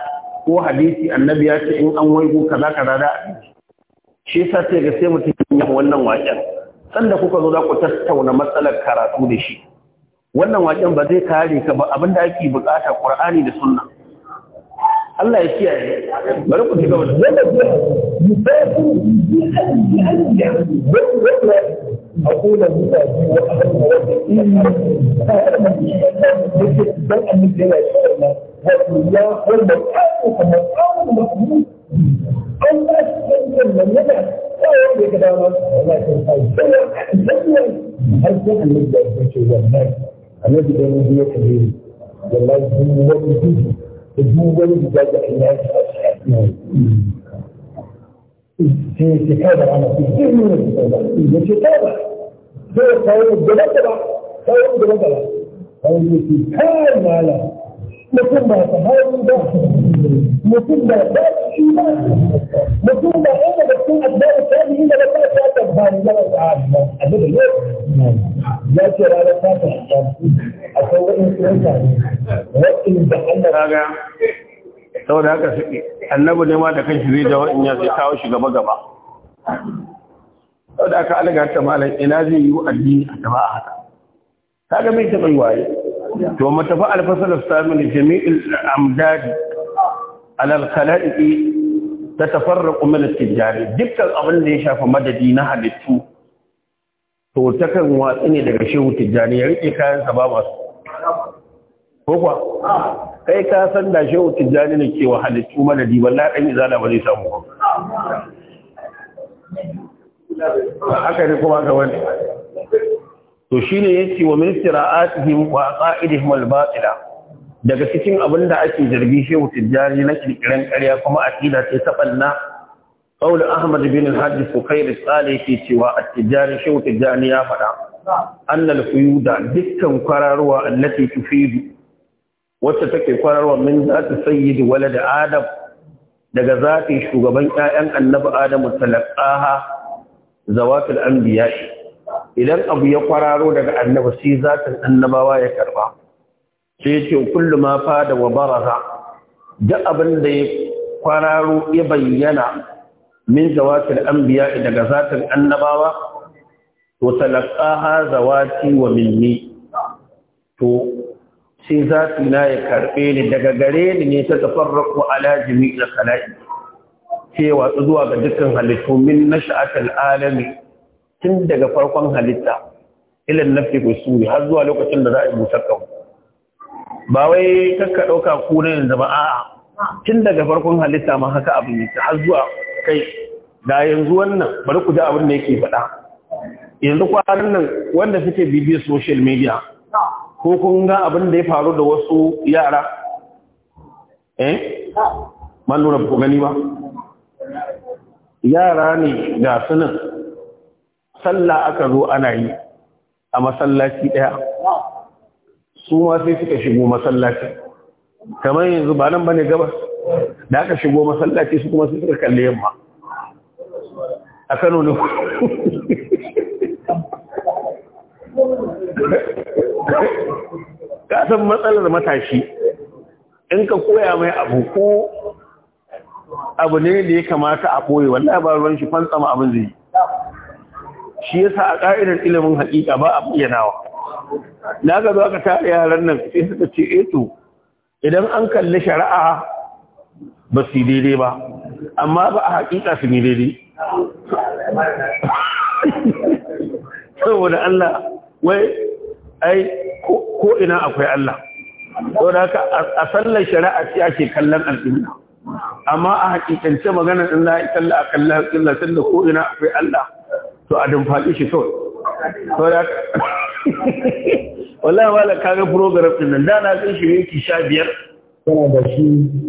ko hadisi annabi ya ce in an waigo kaza kaza da shi yasa sai ga sai mutum ya wannan waken sanda kuka zo za ku tattauna matsalar karatu da shi wannan waken ba zai kare ka ba abinda ake bukata qur'ani da sunna Allah ya kiyaye bari ku shiga wannan أقول لك أقول لك والإياه والمتعاون والمتعاون والمتعاون الله يمكن من يدع لا يملك دارا ولكن الزمن الزمن الزمن الذي يجري والناس الذي بين يديه والله يجري ويجري يجري ويجري الناس في كتابة عن في ذهن الكتابة في كتابة هو قول بلدبة قول بلدبة قول في كان على mutum ba ta hauri ba mutum ba ta shi ba mutum ba ɗaya daga cikin addini ta yi inda ba ta ta ta ba ni yawan da a daga yau ya ce ranar ta ta shi a kan wa'in sunanta wa'in da Allah raga saboda haka annabi ne ma da kanshi zai jawo in ya sai kawo shi gaba gaba saboda aka alga ta malam ina zai yi addini a jama'a haka kaga mai taɓa yi waye to mu tafi alfasal samin jami'il amdad alal ta tatafarraqu min dukkan abin da ya shafa madadi na halittu to kan watsi ne daga shehu tijjani ya rike kayan ba masu ko kai ka san da shehu tijjani ne ke wa halittu madadi wallah ɗan izala ba zai samu ba haka ne kuma ga wani to shine yace wa min sira'atihim wa qa'idihim al-batila daga cikin abin da ake zargi shehu tijjani na kirkiran ƙarya kuma aqida ce ta banna qaul ahmad bin al-hajj fukair salih ke cewa at-tijjani shehu tijjani ya faɗa annal fuyuda dukkan kwararowa allati tufidu wacce take kwararwa min zati sayyidi walad adam daga zatin shugaban ƴaƴan annabi adamu talaqaha zawatul anbiya'i idan abu ya kwararo daga annaba sai zatin annabawa ya karba sai ce kullu ma fada wa baraza duk abin da ya kwararo ya bayyana min zawatil anbiya daga zatin annabawa to talaqaha zawati wa minni to sai zati na ya karbe ni daga gare ni ne ta tafarraqu ala jami'il khalaiq cewa zuwa ga dukkan halittu min nash'atil alami tun daga farkon halitta ilin nafi ko suri har zuwa lokacin da za a yi musakkan ba wai kakka ɗauka kuna yanzu ba a'a tun daga farkon halitta ma haka abin ta har zuwa kai da yanzu wannan bari ku ji abin da yake faɗa yanzu kwanan nan wanda suke bibiyar social media ko kun ga abin da ya faru da wasu yara eh man nuna ku gani ba yara ne ga sunan sallah aka zo ana yi a masallaci ɗaya su ma sai suka shigo masallaci kamar yanzu ba nan ba ne gabas da aka shigo masallaci su kuma sai suka kalli yamma a kano ne ka san matsalar matashi in ka koya mai abu ko abu ne da ya kamata a koyi wallahi ba ruwan shi fantsama abin zai shi yasa a ƙa'idar ilimin haƙiƙa ba a bayyanawa na ga za ka tare yaran nan sai suka ce eh to idan an kalli shari'a ba su daidai ba amma ba a haƙiƙa su ne daidai saboda Allah wai ai ko ina akwai Allah da haka a sallar shari'a ce ake kallon al'umma amma a hakikance maganar ina za a kalla a kalla killa sanda ko ina akwai Allah to a dumfaɗi shi so so da wallahi wala kaga program din nan da na san shi minti sha biyar yana da shi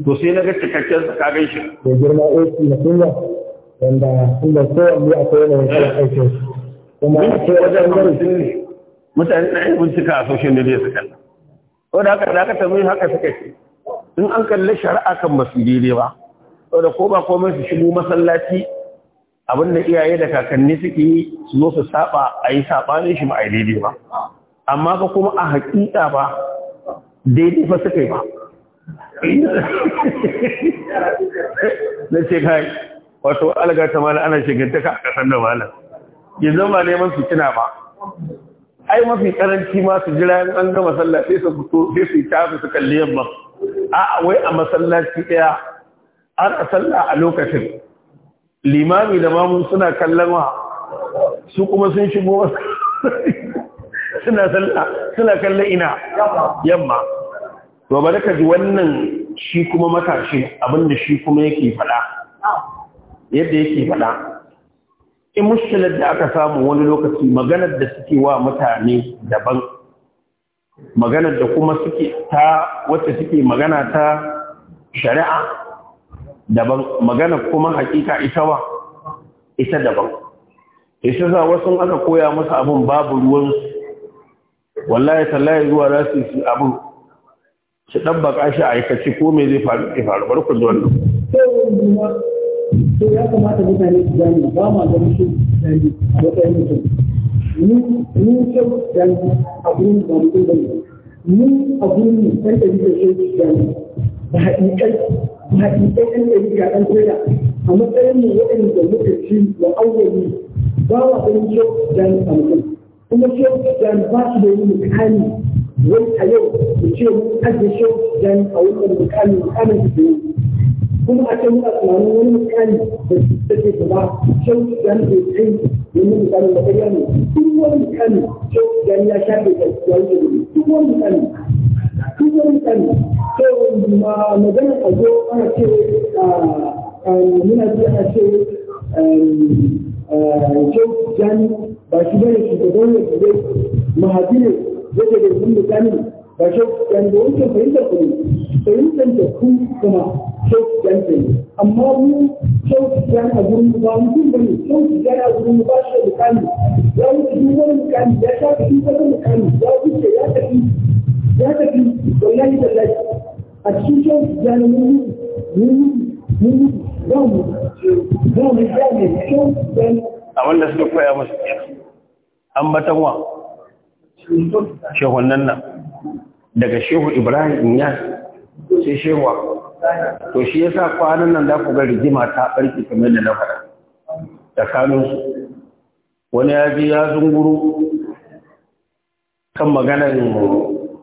to sai na ga cikakken sa ka gan shi da girma aiki na kunya wanda inda kowanne akwai yanayin kan aikin su kuma akwai wajen hamsin ne mutane na yin suka a social media su kalla ko da haka da ka tambayi haka suka ce in an kalle shari'a kan basu daidai ba saboda ko ba komai su shigo masallaci Abin da iyaye da kakanni suke yi su zo su saba a yi sabanin shi ba a daidai ba amma ba kuma a haƙiƙa ba daidai ba suka yi ba na ce kai wato alga ta mana ana shigantaka a ƙasar da malam? yanzu ba neman su tuna ba ai mafi karanci ma su jira an gama sallah sai su fito sai su tafi su kalli yamma a wai a masallaci ɗaya ana sallah a lokacin limami da Mamu suna kallon wa su kuma sun shigo suna kallon ina yamma to bari ka ji wannan shi kuma matashi abinda shi kuma yake fada yadda yake fada in mushkilar da aka samu wani lokaci maganar da suke wa mutane daban maganar da kuma suke ta wacce suke magana ta shari'a daban magana kuma hakika ita ba ita daban isa za wasu aka koya musu abun babu ruwan wallahi tallahi zuwa za su yi abin shi dan shi shi aikaci ko me zai faru zai faru bar ku da wannan to ya kamata mutane su gane ba ma da mutum da mutum ni ni ce dan abun da mutum da ni abun ne sai da yake shi dan da na ɗan ɗan yi ga ɗan koya a matsayin mu waɗanda muka ci wa awwali ba wa ɗan yau dan samson kuma yau dan ba su da wani mukami wai a yau da ce mu ajiye yau dan a wannan mukami mukamin su ne kuma a can muna tunanin wani mukami da su take gaba yau dan ya kai wani mukami da ɗaya ne duk wani mukami yau dan ya shafe da wani duk wani mukami kusan tsari to magana a zo ana ce muna ce ana ce shau jani ba shi bane shugaban ya zai mahadi ne yake da sun mutane ba shau jani ba wancan fahimtar ku ne fahimtar da ku kuma shau jani ne amma mu shau jani a gurin ba mutum bane shau jani a gurin ba shi da mutane ya wuce duk wani ya shafi duk wani ya wuce ya tafi ya tafi wallahi tallahi a cikin shan jani mun yi mun yi mu mu a wanda suka koya an nan daga shehu ibrahim ya sai shehuwa to shi yasa kwanan nan za ku ga rigima ta barki kamar da na faɗa tsakaninsu wani ya je ya zunguru kan maganar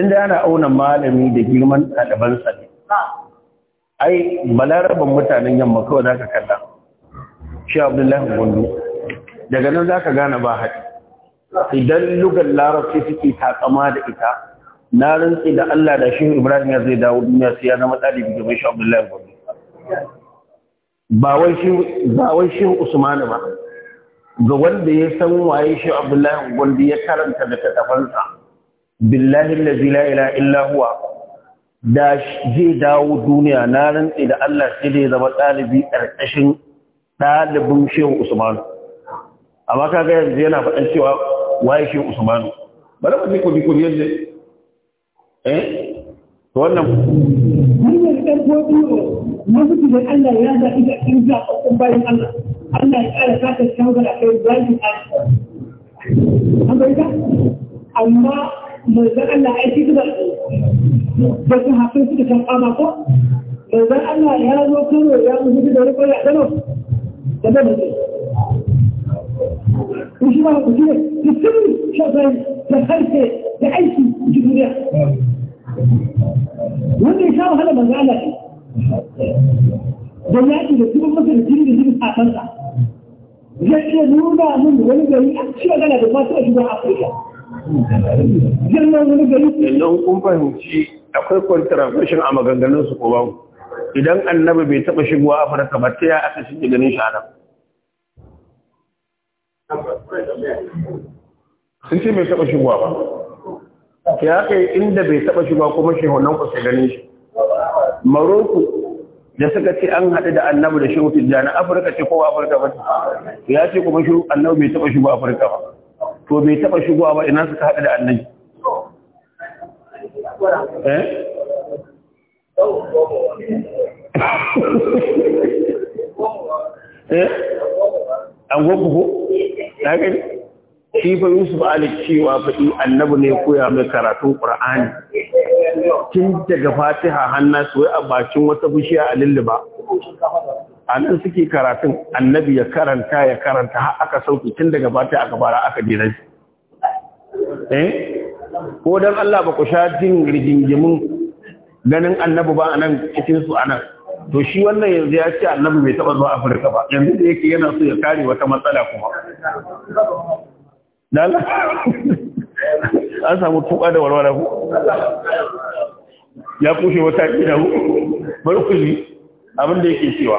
inda yana auna malami da girman ɗalibansa ne ai balaraban mutanen yamma kawai za ka kalla shi abdullahi gundu daga nan za ka gane ba haɗi idan lugar larabci suke taƙama da ita na rantsi da allah da shi ibrahim ya zai dawo duniya sai ya zama ɗalibi mai shi abdullahi gundu ba wai shi usmanu ba ga wanda ya san waye shi abdullahi gundu ya karanta da ɗafansa billahi allazi la ilaha illa huwa da zai dawo duniya na rantsi da Allah sai da zama ɗalibi ƙarƙashin ɗalibin shehu usmanu amma kaga yanzu yana faɗan cewa waye shehu usmanu bari mu ko biko yadda eh to wannan dan gobe na mutu da Allah ya da ida in za a kun bayan Allah Allah ya kara saka shawara kai bayan Allah an bai amma manzan Allah aiki suka ba su hafi suka kan kama ko manzan Allah ya zo kano ya mutu da rikon ya kano da ba mutu ku shi ba ku shi ne da sirri shafayi da harshe da aiki ji duniya wanda ya sha wahala manzan Allah ne don yaƙi da kuma masa da jini da jini a kansa zai iya nuna mun wani gari a cikin gana da masu a shugaban Afirka girman wani gari yanzu kun fahimci akwai a maganganun su ko idan annabi bai taba shigowa afirka ba ta ya aka shige ganin shi a nan. sun ce bai taba shigowa ba ya kai inda bai taba shigowa kuma shehunan ku sai ganin shi maroko da suka ce an haɗu da annabi da shehu jana afirka ce ko afirka ba ya ce kuma shi annabi bai taɓa shigowa afirka ba to bai taba shigowa ba ina suka hada da annabi eh eh an gogo ko da kai shi fa yusuf ali cewa faɗi annabi ne koya mai karatun qur'ani tun daga fatiha hannasu wai a bakin wata bishiya a lilliba a nan suke karatun annabi ya karanta ya karanta har aka sauki tun daga bata aka bara aka dira shi eh ko dan Allah ba ku sha jin rigingimin ganin annabi ba a nan, cikin su nan. to shi wannan yanzu ya ce annabi bai taba zuwa Afirka ba yanzu da yake yana so ya kare wata matsala kuma dan an samu tuka da walwala ku ya kushe wata kida ku bar abin da yake cewa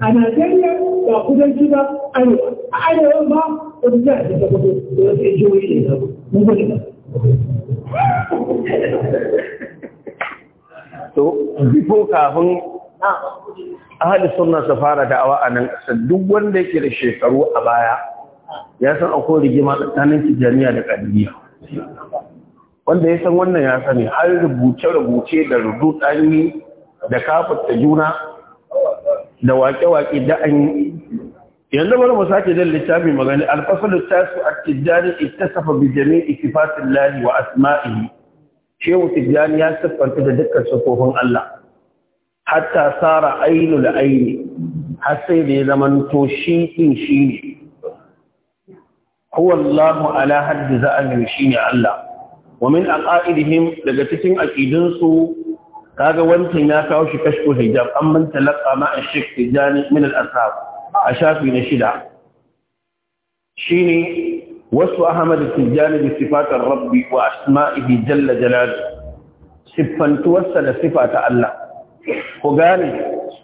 a Najeriya ba kudanci ba arewa a arewa ba wata jihar da ta fito da wasu injiyoyi ne ta mun gode ba. To, bifo kafin ahli sunna su fara da'awa a nan ƙasar duk wanda yake da shekaru a baya ya san akwai rigima tsakanin tijaniya da ƙadiriya wanda ya san wannan ya sani har rubuce-rubuce da rudu ɗanyi da kafa juna da waƙe-waƙe da an yi yanzu bari mu sake littafi magani alfasar littafi a at ita ittasafa bi jami'i lahi wa asma'ihi shehu tijani ya siffanta da dukkan sifofin Allah hatta sara da aini har sai da ya zama to shi din shi ne huwa ala haddi za'al shi ne Allah wa min aqaidihim daga cikin aqidinsu kaga wancan ya kawo shi kashfu hijab an man talaqa ma ash tijani min al-ashab a shafi na shida shine wasu ahmad tijani bi sifat rabbi wa asma'ihi jalla jalal sifantu wasa da sifata Allah ku gane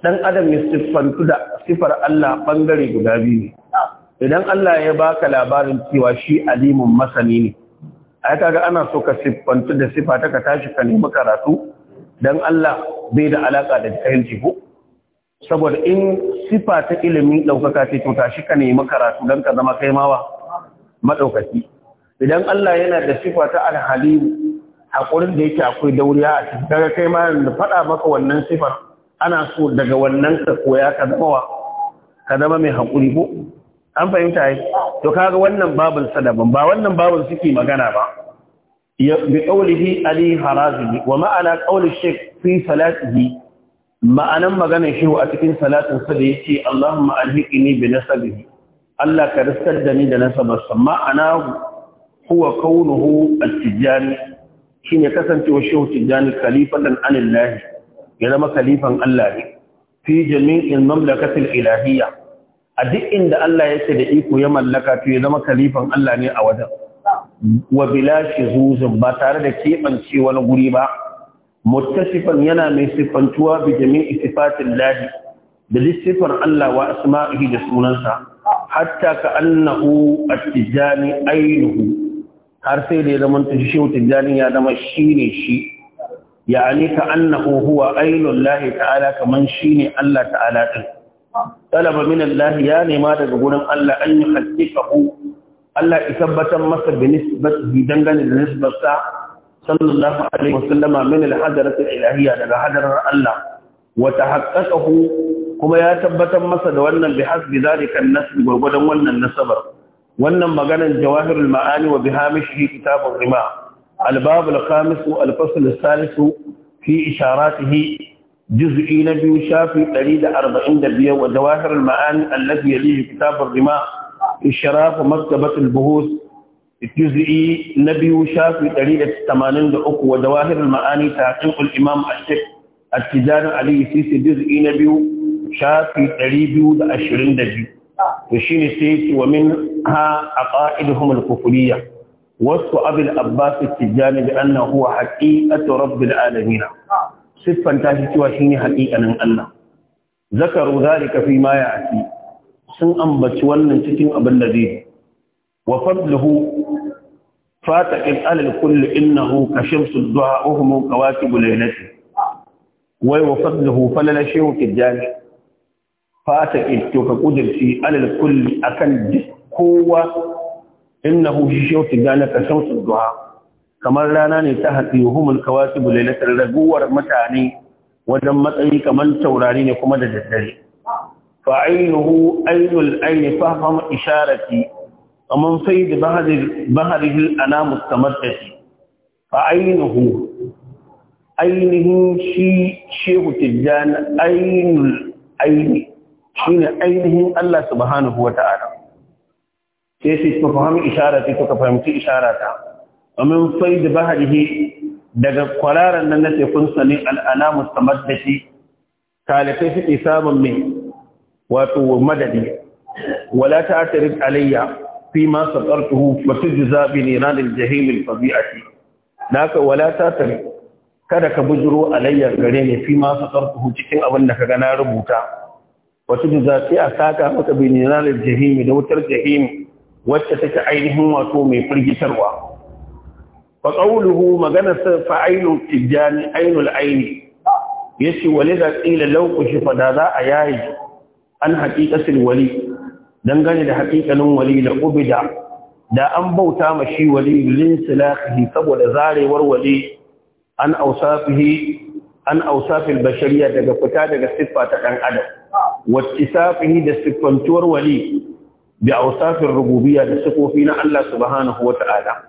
dan adam ya sifantu da sifar Allah bangare guda biyu idan Allah ya baka labarin cewa shi alimun masani ne ai kaga ana so ka sifantu da sifata ka tashi ka nemi karatu dan Allah bai da alaka da jahilci ko saboda in sifa ta ilimi ɗaukaka ce to tashi ka nemi karatu dan ka zama kai mawa idan Allah yana da sifa ta alhalim hakurin da yake akwai dauriya a cikin daga kai ma da faɗa maka wannan sifar ana so daga wannan ka koya ka zama wa ka zama mai hakuri ko an fahimta yi to kaga wannan babin sadaban ba wannan babin suke magana ba بقوله علي حرازي ومعنى قول الشيخ في صلاته ma'anan maganar shehu a cikin salatinsa da ya ce Allahumma alhiqini bi nasabihi Allah ka riskar da ni da nasabarsa ma'ana huwa kaunuhu at-tijani shine kasancewa shehu tijani khalifatan anillahi ya zama khalifan Allah ne fi jami'in mamlakati al-ilahiyya a duk inda Allah yake da iko ya mallaka to ya zama khalifan Allah ne a wajen wa bila shuzuzin ba tare da keɓance wani guri ba muttasifan yana mai sifantuwa bi jami'i sifatin lahi da lissifar Allah wa asma'ihi da sunansa hatta ka annahu at-tijani ainihu har sai da ya zama shi tijani ya zama ne shi يعني ta'ala هو أيل الله تعالى كمن شيني الله تعالى طلب من الله يعني ما تقولون الله أن يخلفه Allah ya tabbatar masa bi dangane da nisbarsa sallallahu alaihi wasallama min al-hadarati ilahiyya daga hadarar Allah wa tahaqqaqahu kuma ya tabbatar masa da wannan bi hasbi zalika an-nasb gurgudan wannan nasabar wannan maganar jawahirul ma'ani wa bihamishihi kitabul rima al-bab al-khamis wa al-fasl al-thalith fi isharatihi juz'i na biyu shafi 145 wa jawahirul ma'ani ya yalihi kitabul rima ishrafu maktabatul buhus juz'i na biyu shafi 183 wa dawahirul ma'ani taqiqul imam ash-shaykh at-tijani ali sisi juz'i na biyu shafi 222 to shine sai wa min ha aqaiduhum al-kufriyya wasu abul abbas at-tijani bi annahu huwa haqiqatu rabbil alamin siffanta shi cewa shine haqiqanin Allah zakaru zalika fi ma ya'ti sun ambaci wannan cikin abin da zai wa fadluhu fataqil alal kulli innahu kashamsu duha uhum kawakibul lailati wai wa fadluhu falala shehu kijani fataqil to ka kudirci alal kulli akan kowa innahu shehu kijani kashamsu du'a kamar rana ne ta haɗi humul kawasi bulailatar raguwar mutane wajen matsayi kamar taurari ne kuma da daddare فعينه عين العين فهم إشارتي ومن صيد بهره الأنام استمدتي فعينه عينه شي شيخ تجان عين العين شين عينه الله سبحانه وتعالى sai su fahimi isharati suka fahimci isharata amin fai daga kwararan nan na tekun sani al'ana musamman da shi talifai suke samun mai wato madadi wala ta'tarid alayya fi ma satartuhu wa tujza bi niran al-jahim al-fabi'ati naka wala ta'tarid kada ka bujuro alayya gare ne fi ma satartuhu cikin abin da kaga na rubuta wa tujza fi asaka maka bi niran al-jahim da wutar jahim wacce take ainihin wato mai firgitarwa fa qawluhu magana fa'ilun tijani ainul aini yace walida qila law kushifa da za a yayi an haƙiƙasin wali dangane da haƙiƙanin wali na ubida da an bauta ma shi wali linsilahi saboda zarewar wali an ausafihi an ausafil bashariya daga fita daga siffa ta ɗan adam wattisafihi da siffantuwar wali bi ausafin rububiya da sifofi na Allah subhanahu wa ta'ala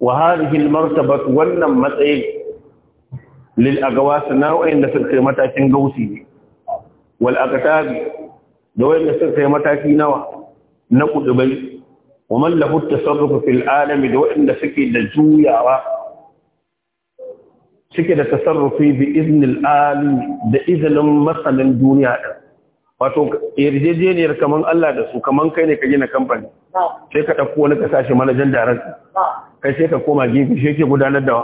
wa martaba wannan matsayin lil agawas nau'in da suka matakin gausi wal aqtabi da da suka sai mataki nawa na kudubai wa mallahu tasarrufu fil alami da wanda suke da juyawa suke da tasarrufi bi iznil alimi da izinin masanin duniya din wato yarjejeniyar kaman Allah da su kaman kai ne ka gina kamfani sai ka dauko wani kasashe manajan darakta kai sai ka koma gefe shi yake gudanar da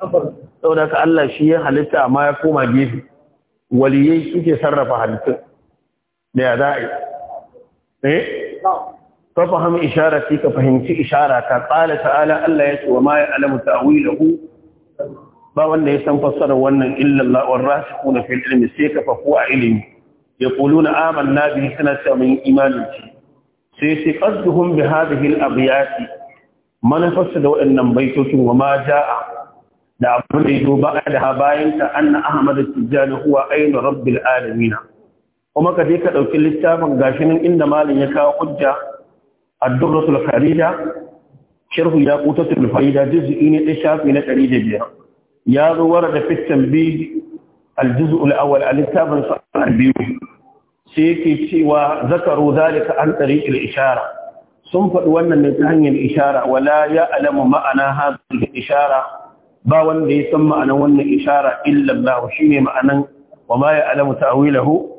saboda ka Allah shi ya halitta amma ya koma gefe waliyai suke sarrafa halittun da ya za'a eh isharati ka fahimci ishara ka qala ta'ala Allah ya ce wa ma ya'lamu ta'wilahu ba wanda ya san fassarar wannan illa Allah wa rasikuna fil ilmi sai ka fafu a ilimi yaquluna amanna bihi kana ta mun imanin ci sai sai qasduhum bi hadhihi al abyat manafasa da waɗannan baitocin wa ma ja'a da abin da ya zo ba da bayan ta anna ahmad tijani huwa ainu rabbil alamin kuma ka je ka ɗauki littafin gashinin inda malin ya kawo hujja ad-durratul kharija sharhu yaqutatul farida juz'i ne ɗaya shafi na ɗari da biyar ya zo wara da fitan bi al-juz'ul a littafin sa'ar biyu sai yake cewa zakaru zalika an tariqil ishara sun faɗi wannan ne ta hanyar ishara wala ya alamu ma'ana hadhihi ishara ba wanda ya san ma'anan wannan ishara illa Allah shine ma'anan wa ma alamu ta'wilahu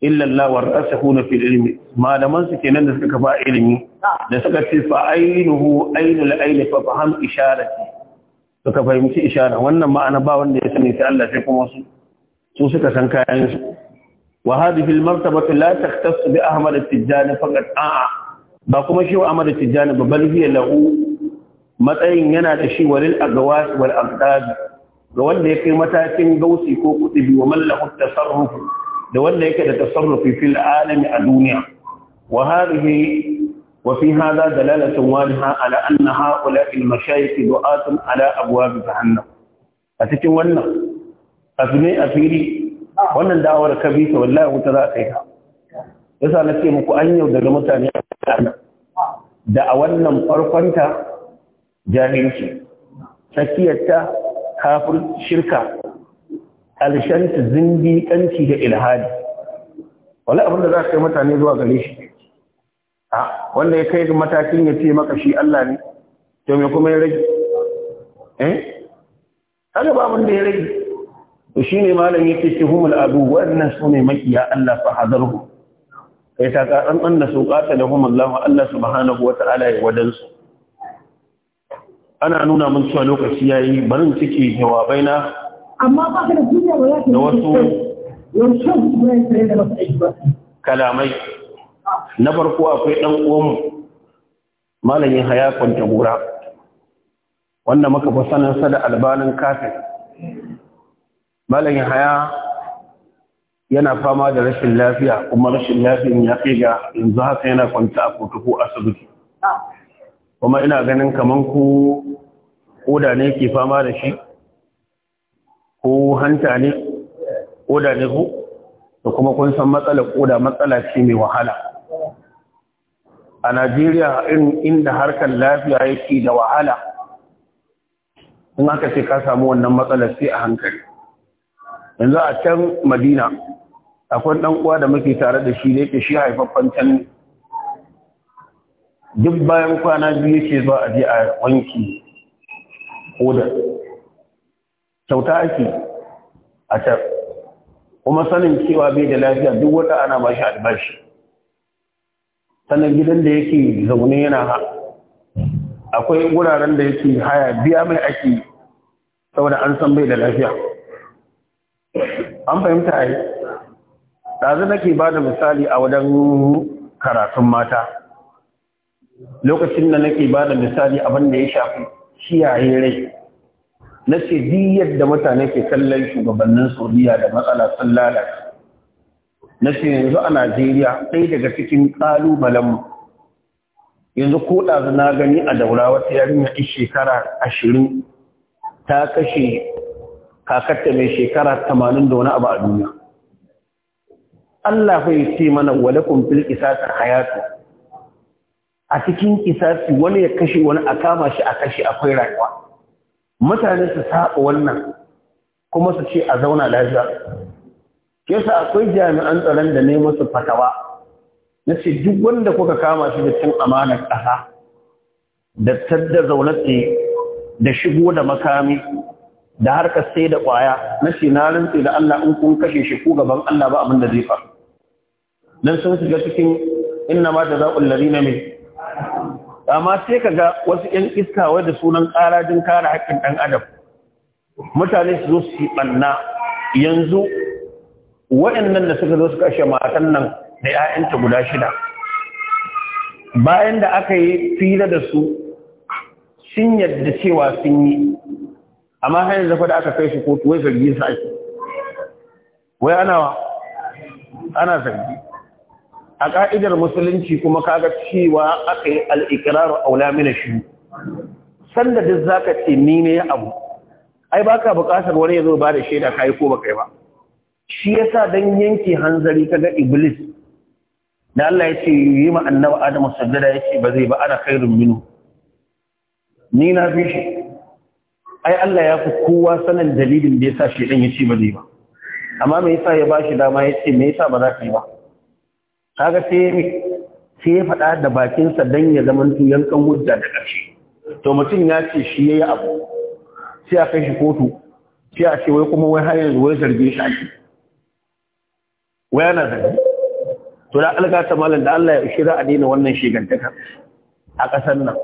illallah wa rasahuna fil ilmi malaman su kenan da suka kafa ilimi da suka ce fa ainuhu ainul aini fa faham isharati suka fahimci ishara wannan ma'ana ba wanda ya sani sai Allah sai kuma su su suka san kayan su wa hadhihi al martabatu la takhtas bi ahmad at-tijani faqat a'a ba kuma shi wa ahmad at Tijjani, ba bal hiya lahu matsayin yana da shi walil agwas wal aqdad ga wanda ya kai matakin gausi ko kutubi wa mallahu at-tasarruf da wanda yake da tasarrufi fil alami a duniya wa hadhihi wa fi hadha dalalatun wadiha ala anna ha'ula'i al-mashayikh du'atun ala abwab jahannam a cikin wannan azumi a fili wannan da'awar ka bi ta wallahi wuta za ka yi yasa na ce muku an yau daga mutane da a wannan farkonta jahilci tsakiyarta kafin shirka alshanta ta zindiƙanci da ilhadi wani abin da za ka yi mutane zuwa gare shi a wanda ya kai matakin ya ce maka shi Allah ne to me kuma ya rage eh kaga ba mun da ya rage to shine malam yake ce humul abu wannan su ne makiya Allah fa hadarhu kai ta ka dan dan da su kata da humul Allah Allah subhanahu ta'ala ya wadansu ana nuna mun cewa lokaci yayi barin cike na. amma ba ka da duniya ba za ka da wasu kalamai na farko akwai dan uwanmu malamin haya kwanta gora wanda muka fi sanin da albanin kafin malamin haya yana fama da rashin lafiya kuma rashin lafiyan ya fi ga yanzu haka yana kwanta a kotoko asibiti ah. kuma ina ganin kaman ko koda ne ke fama da shi ko hanta ne koda ne ko da kuma kun san matsala koda matsala ce mai wahala a najeriya inda harkar lafiya yake da wahala in aka ce ka samu wannan matsalar sai a hankali yanzu a can madina akwai dan uwa da muke tare da shi da yake shi haifaffen can duk bayan kwana biyu yake zuwa a je a wanki koda kyauta ake a can kuma sanin cewa bai da lafiya duk wata ana ba shi albashi sannan gidan da yake zaune yana akwai wuraren da yake haya biya mai ake saboda an san bai da lafiya an fahimta a yi ɗazu nake ba da misali a wajen karatun mata lokacin da nake ba da misali abin da ya shafi kiyaye rai na ce yadda mutane ke kallon shugabannin saudiya da matsala sun lalata. na ce yanzu a najeriya ɗaya daga cikin ƙalubalenmu yanzu ko ɗazu na gani a daura wata yarinya in shekara ashirin ta kashe kakarta mai shekara tamanin da wani abu a duniya Allah fa ya ce mana walakun fil isasi hayatu a cikin isasi wani ya kashe wani a kama shi a kashe akwai rayuwa mutane su saba wannan kuma su ce a zauna lafiya sa akwai jami'an tsaron da neman su fatawa na ce duk wanda kuka kama shi da cin amanar ƙasa da tadda zaunatse da shigo da makami da harkar sai da ƙwaya na ce na rantse da Allah in kun kashe shi ko gaban Allah ba abin da zai fa. dan sun shiga cikin inna ma jazaa'ul ladina min amma sai ka ga wasu ‘yan iska wadda sunan ƙara ƙarajin kare haƙƙin ɗan adam mutane su zo su yi ɓanna yanzu waɗannan da suka zo su kashe matan nan da ‘ya'yanta guda shida bayan da aka yi fila da su sun yadda cewa sun yi amma hanyar zafa da aka kai su kotu wai zargi sa ake wai ana zargi a ƙa'idar musulunci kuma kaga cewa aka yi al'ikirar aula mina shi sanda duk za ka ce ni ne abu ai ba ka bukatar wani ya zo ba da shaida ka yi ko ba kai ba shi ya sa don yanke hanzari ka ga iblis da Allah ya ce yi ma annaba adamu sajjada ya ce ba zai ba ana kairin minu ni na fi shi ai Allah ya fi kowa sanin dalilin da ya sa shi ɗan ya ce ba zai ba amma me yasa ya ba shi dama ya ce me yasa ba za ka yi ba kaga sai sai ya faɗa da bakinsa don ya zama yankan hujja da ƙarshe to mutum ya ce shi ya yi abu sai a kai shi kotu sai a ce wai kuma wai har yanzu wai zarge shi ake wai ana zarge to da alga ta malam da Allah ya za a daina wannan shigantaka a ƙasar nan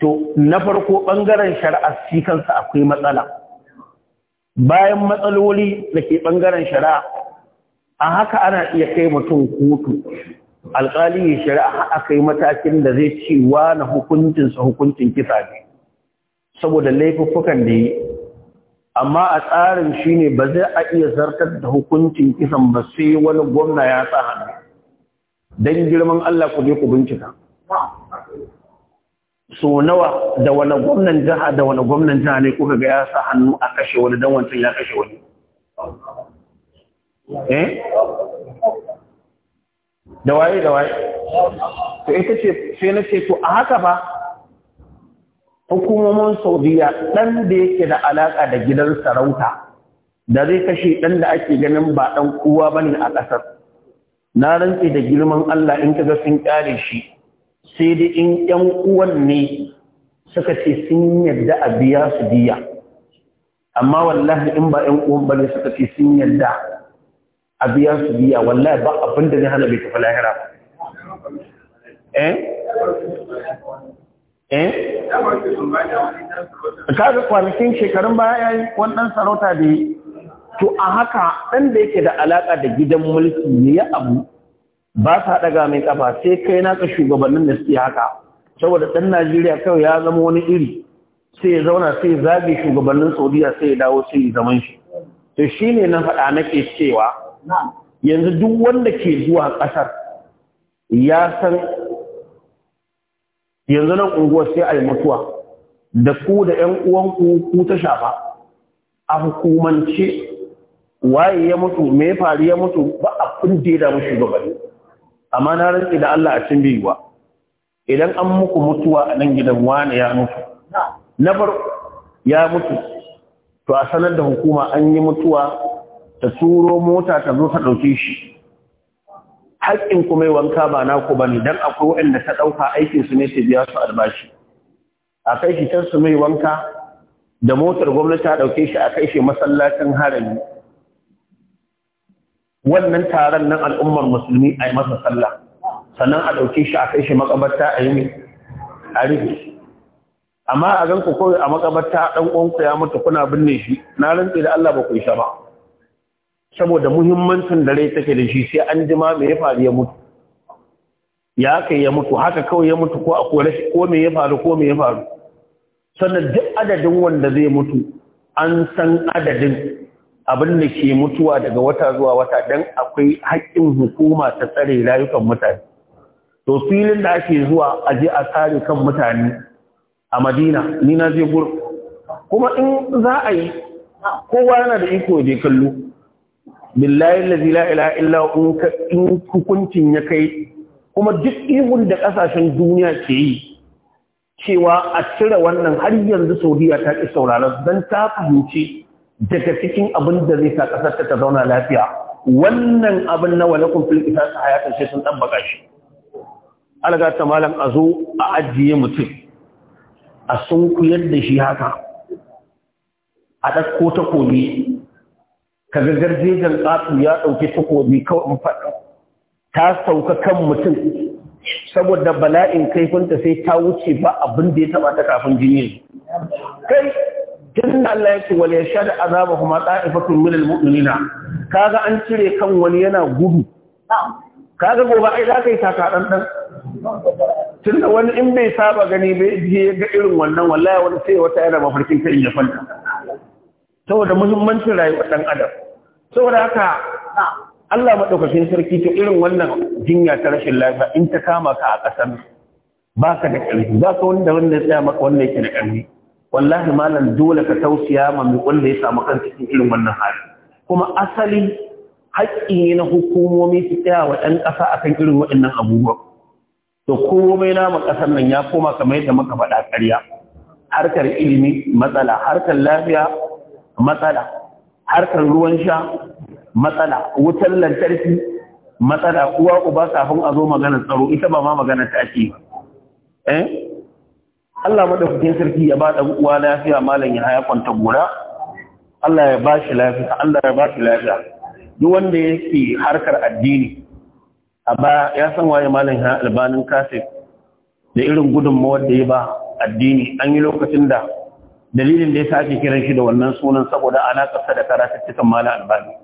to na farko ɓangaren shari'a shi kansa akwai matsala bayan matsaloli da ke ɓangaren shari'a a haka ana iya kai mutum kotu alƙali ya shari'a a kai matakin da zai ce wa na hukuncinsa hukuncin kisa ne saboda laifuffukan da yi amma a tsarin shi ne ba zai a iya zartar da hukuncin kisan ba sai wani gwamna ya sa hannu don girman Allah ku je ku bincika so nawa da wani gwamnan jiha da wani gwamnan jiha ne kuka ga ya sa hannu a kashe wani don wancan ya kashe wani eh da waye da waye to ita ce sai na ce to a haka ba hukumomin saudiya ɗan da yake da alaƙa da gidan sarauta da zai kashe ɗan da ake ganin ba dan kowa bane a ƙasar na rantse da girman allah in kaga sun kare shi sai dai in ƴan uwan ne suka ce sun yarda a biya su biya amma wallahi in ba ƴan uwan ba ne suka ce sun yarda a biya su biya wallahi ba abin da zai hana bai tafi lahira eh eh kaga kwanakin shekarun baya yayi wannan sarauta da to a haka dan da yake da alaka da gidan mulki ne ya abu ba sa daga mai kafa sai kai na ka shugabannin da suke haka saboda ɗan Najeriya kawai ya zama wani iri sai ya zauna sai zabi shugabannin Saudiya sai ya dawo sai zaman shi to shine na faɗa nake cewa yanzu duk wanda ke zuwa ƙasar ya san yanzu nan unguwar sai a yi mutuwa da ku da 'yan uwanku ku ta shafa a hukumance waye ya mutu me faru ya mutu ba a kunde da mu shugabani amma na rantsi da Allah a cin biyuwa idan an muku mutuwa a nan gidan wani ya mutu na bar ya mutu to a sanar da hukuma an yi mutuwa ta turo mota ta zo ta ɗauke shi haƙƙin kuma mai wanka ba naku ba ne don akwai waɗanda ta ɗauka aikinsu ne ta biya su albashi a kai shi can mai wanka da motar gwamnati ta ɗauke shi a kai shi masallacin harami wannan taron nan al'ummar musulmi a yi masa sallah sannan a ɗauke shi a kai shi makabarta a yi a rufe amma a ganku kawai a makabarta ɗan uwanku ya mutu kuna binne shi na rantse da Allah ba ku yi sha ba saboda muhimmancin da rai take da shi sai an jima me ya faru ya mutu ya kai ya mutu haka kawai ya mutu ko a kore ko me ya faru ko me ya faru sannan duk adadin wanda zai mutu an san adadin abin da ke mutuwa daga wata zuwa wata dan akwai haƙƙin hukuma ta tsare rayukan mutane to filin da ake zuwa a je a tsare kan mutane a Madina ni na je kuma in za a yi kowa yana da iko je kallo billahi la ilaha illa in hukuncin ya kai kuma duk ihun da kasashen duniya ke yi cewa a cire wannan har yanzu saudiya ta ki saurara don ta fahimci daga cikin abin da zai sa kasar ta zauna lafiya wannan abin na walakun fil isa hayatan sai sun baka shi alga ta malam a zo a ajiye mutum a sunkuyar da shi haka a ɗauko takobi ka ga garjejen tsatsu ya ɗauki takobi kawai in faɗa ta sauka kan mutum saboda bala'in kaifinta sai ta wuce ba abin da ya taɓa ta kafin jini kai tun da Allah ya ce wani ya wal da azaba kuma ta'ifatun min Ka ga an cire kan wani yana gudu Ka ga gobe ai za ka yi taka dan dan tun da wani in bai saba gani bai je ga irin wannan wallahi wani sai wata yana mafarkin kan ya fanta saboda muhimmancin rayuwar ɗan adam saboda haka Allah maɗaukacin sarki to irin wannan jinya ta rashin lafiya in ta kama ka a ƙasar ba ka da ƙarfi ba ka wanda wanda ya tsaya maka wanda yake da ƙarfi wallahi malam dole ka tausiya ma mai wanda ya samu kan cikin irin wannan hali kuma asali haƙƙi ne na hukumomi su tsaya wa ɗan ƙasa akan irin waɗannan abubuwa to komai na ƙasar nan ya koma kamar yadda muka faɗa ƙarya harkar ilimi matsala harkar lafiya matsala harkar ruwan sha matsala wutar lantarki matsala kuwa uba kafin a zo maganar tsaro ita ba ma maganar ta ake eh Allah madaukakin sarki ya ba da uwa lafiya malam ya haya kwanta gora Allah ya ba shi lafiya Allah ya ba shi lafiya duk wanda yake harkar addini a ba ya san waye malam ya albanin kasif da irin gudunmawar da ya ba addini an yi lokacin da dalilin da ya sa kiran shi da wannan sunan saboda alaƙarsa da karatuttukan mala albani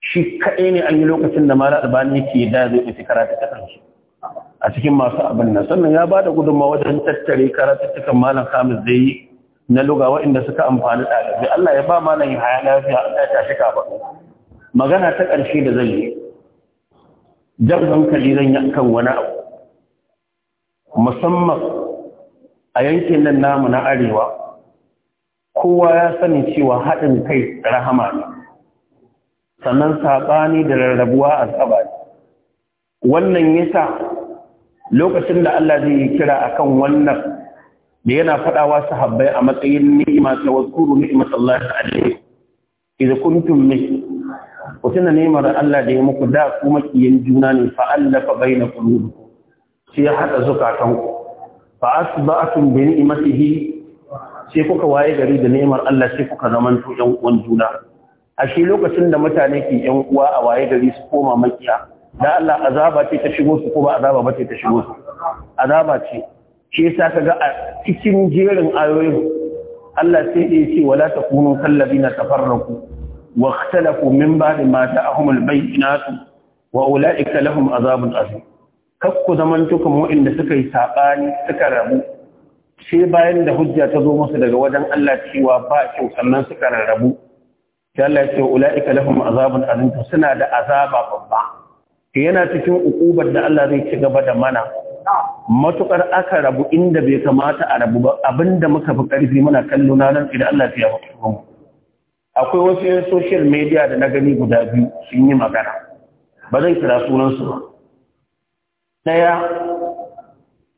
shi kaɗai ne an yi lokacin da mala albani yake da zai ɗauki karatuttukan shi a cikin masu abin nan sannan ya ba da gudunmawa wajen tattare karatuttukan malam kamis da yi na luga waɗanda suka amfani ɗalibai Allah ya ba malam ya haya lafiya Allah ya tashi kafa magana ta ƙarshe da zan yi jan hankali zan yi kan wani abu musamman a yankin nan namu na arewa kowa ya sani cewa haɗin kai rahama ne sannan saɓani da rarrabuwa a tsaba wannan yasa lokacin da Allah zai yi kira a kan wannan da yana faɗawa sahabbai a matsayin ni'ima ta wasu da alaihi idza kuntum min ku tuna neman Allah da ya muku da ku makiyin juna ne fa allafa baina qulubikum sai ya hada zukatan fa asba'atum bi ni'matihi sai kuka waye gari da nemar Allah sai kuka zamanto yan uwan juna ashe lokacin da mutane ke yan uwa a waye gari su koma makiya da Allah azaba ce ta shigo su ko ba azaba ba ce ta shigo su azaba ce Ke sa ka ga a cikin jerin ayoyin Allah sai ya ce wala takunu kallabina tafarraku wa ikhtalafu min ba'di ma ta'ahumul bayyinatu wa ulaika lahum azabun azim kakku zamantukum wa'inda suka yi saɓani suka rabu sai bayan da hujja ta zo musu daga wajen Allah cewa ba kyau sannan suka rarrabu sai Allah ya ce ula'ika lahum azabun azim suna da azaba babba yana cikin ukubar da Allah zai ci gaba da mana matukar aka rabu inda bai kamata a rabu ba abinda muka fi karfi muna kallo na nan idan Allah ya yi mu akwai wasu yan social media da na gani guda biyu sun yi magana ba zan kira sunansu ba daya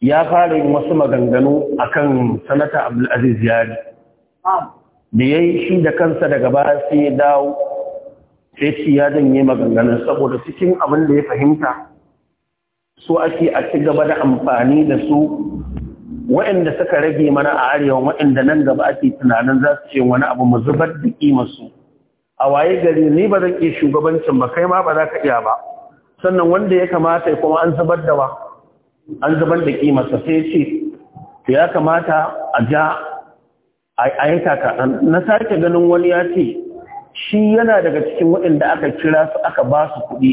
ya fara yin wasu maganganu a kan sanata abdulaziz yari da ya yi shi da kansa daga baya sai ya dawo sai ci ya janye maganganun saboda cikin abin da ya fahimta su ake a ci gaba da amfani da su waɗanda suka rage mana a arewa waɗanda nan gaba ake tunanin za su ce wani abu mu zubar da ƙimarsu a waye gari ni ba zan iya shugabancin ba kai ma ba za ka iya ba sannan wanda ya kamata ya kuma an zubar da ba an zubar da kimarsa sai ce ya kamata a ja a yi taka. na sake ganin wani ya ce shi yana daga cikin waɗanda aka kira su aka ba su kuɗi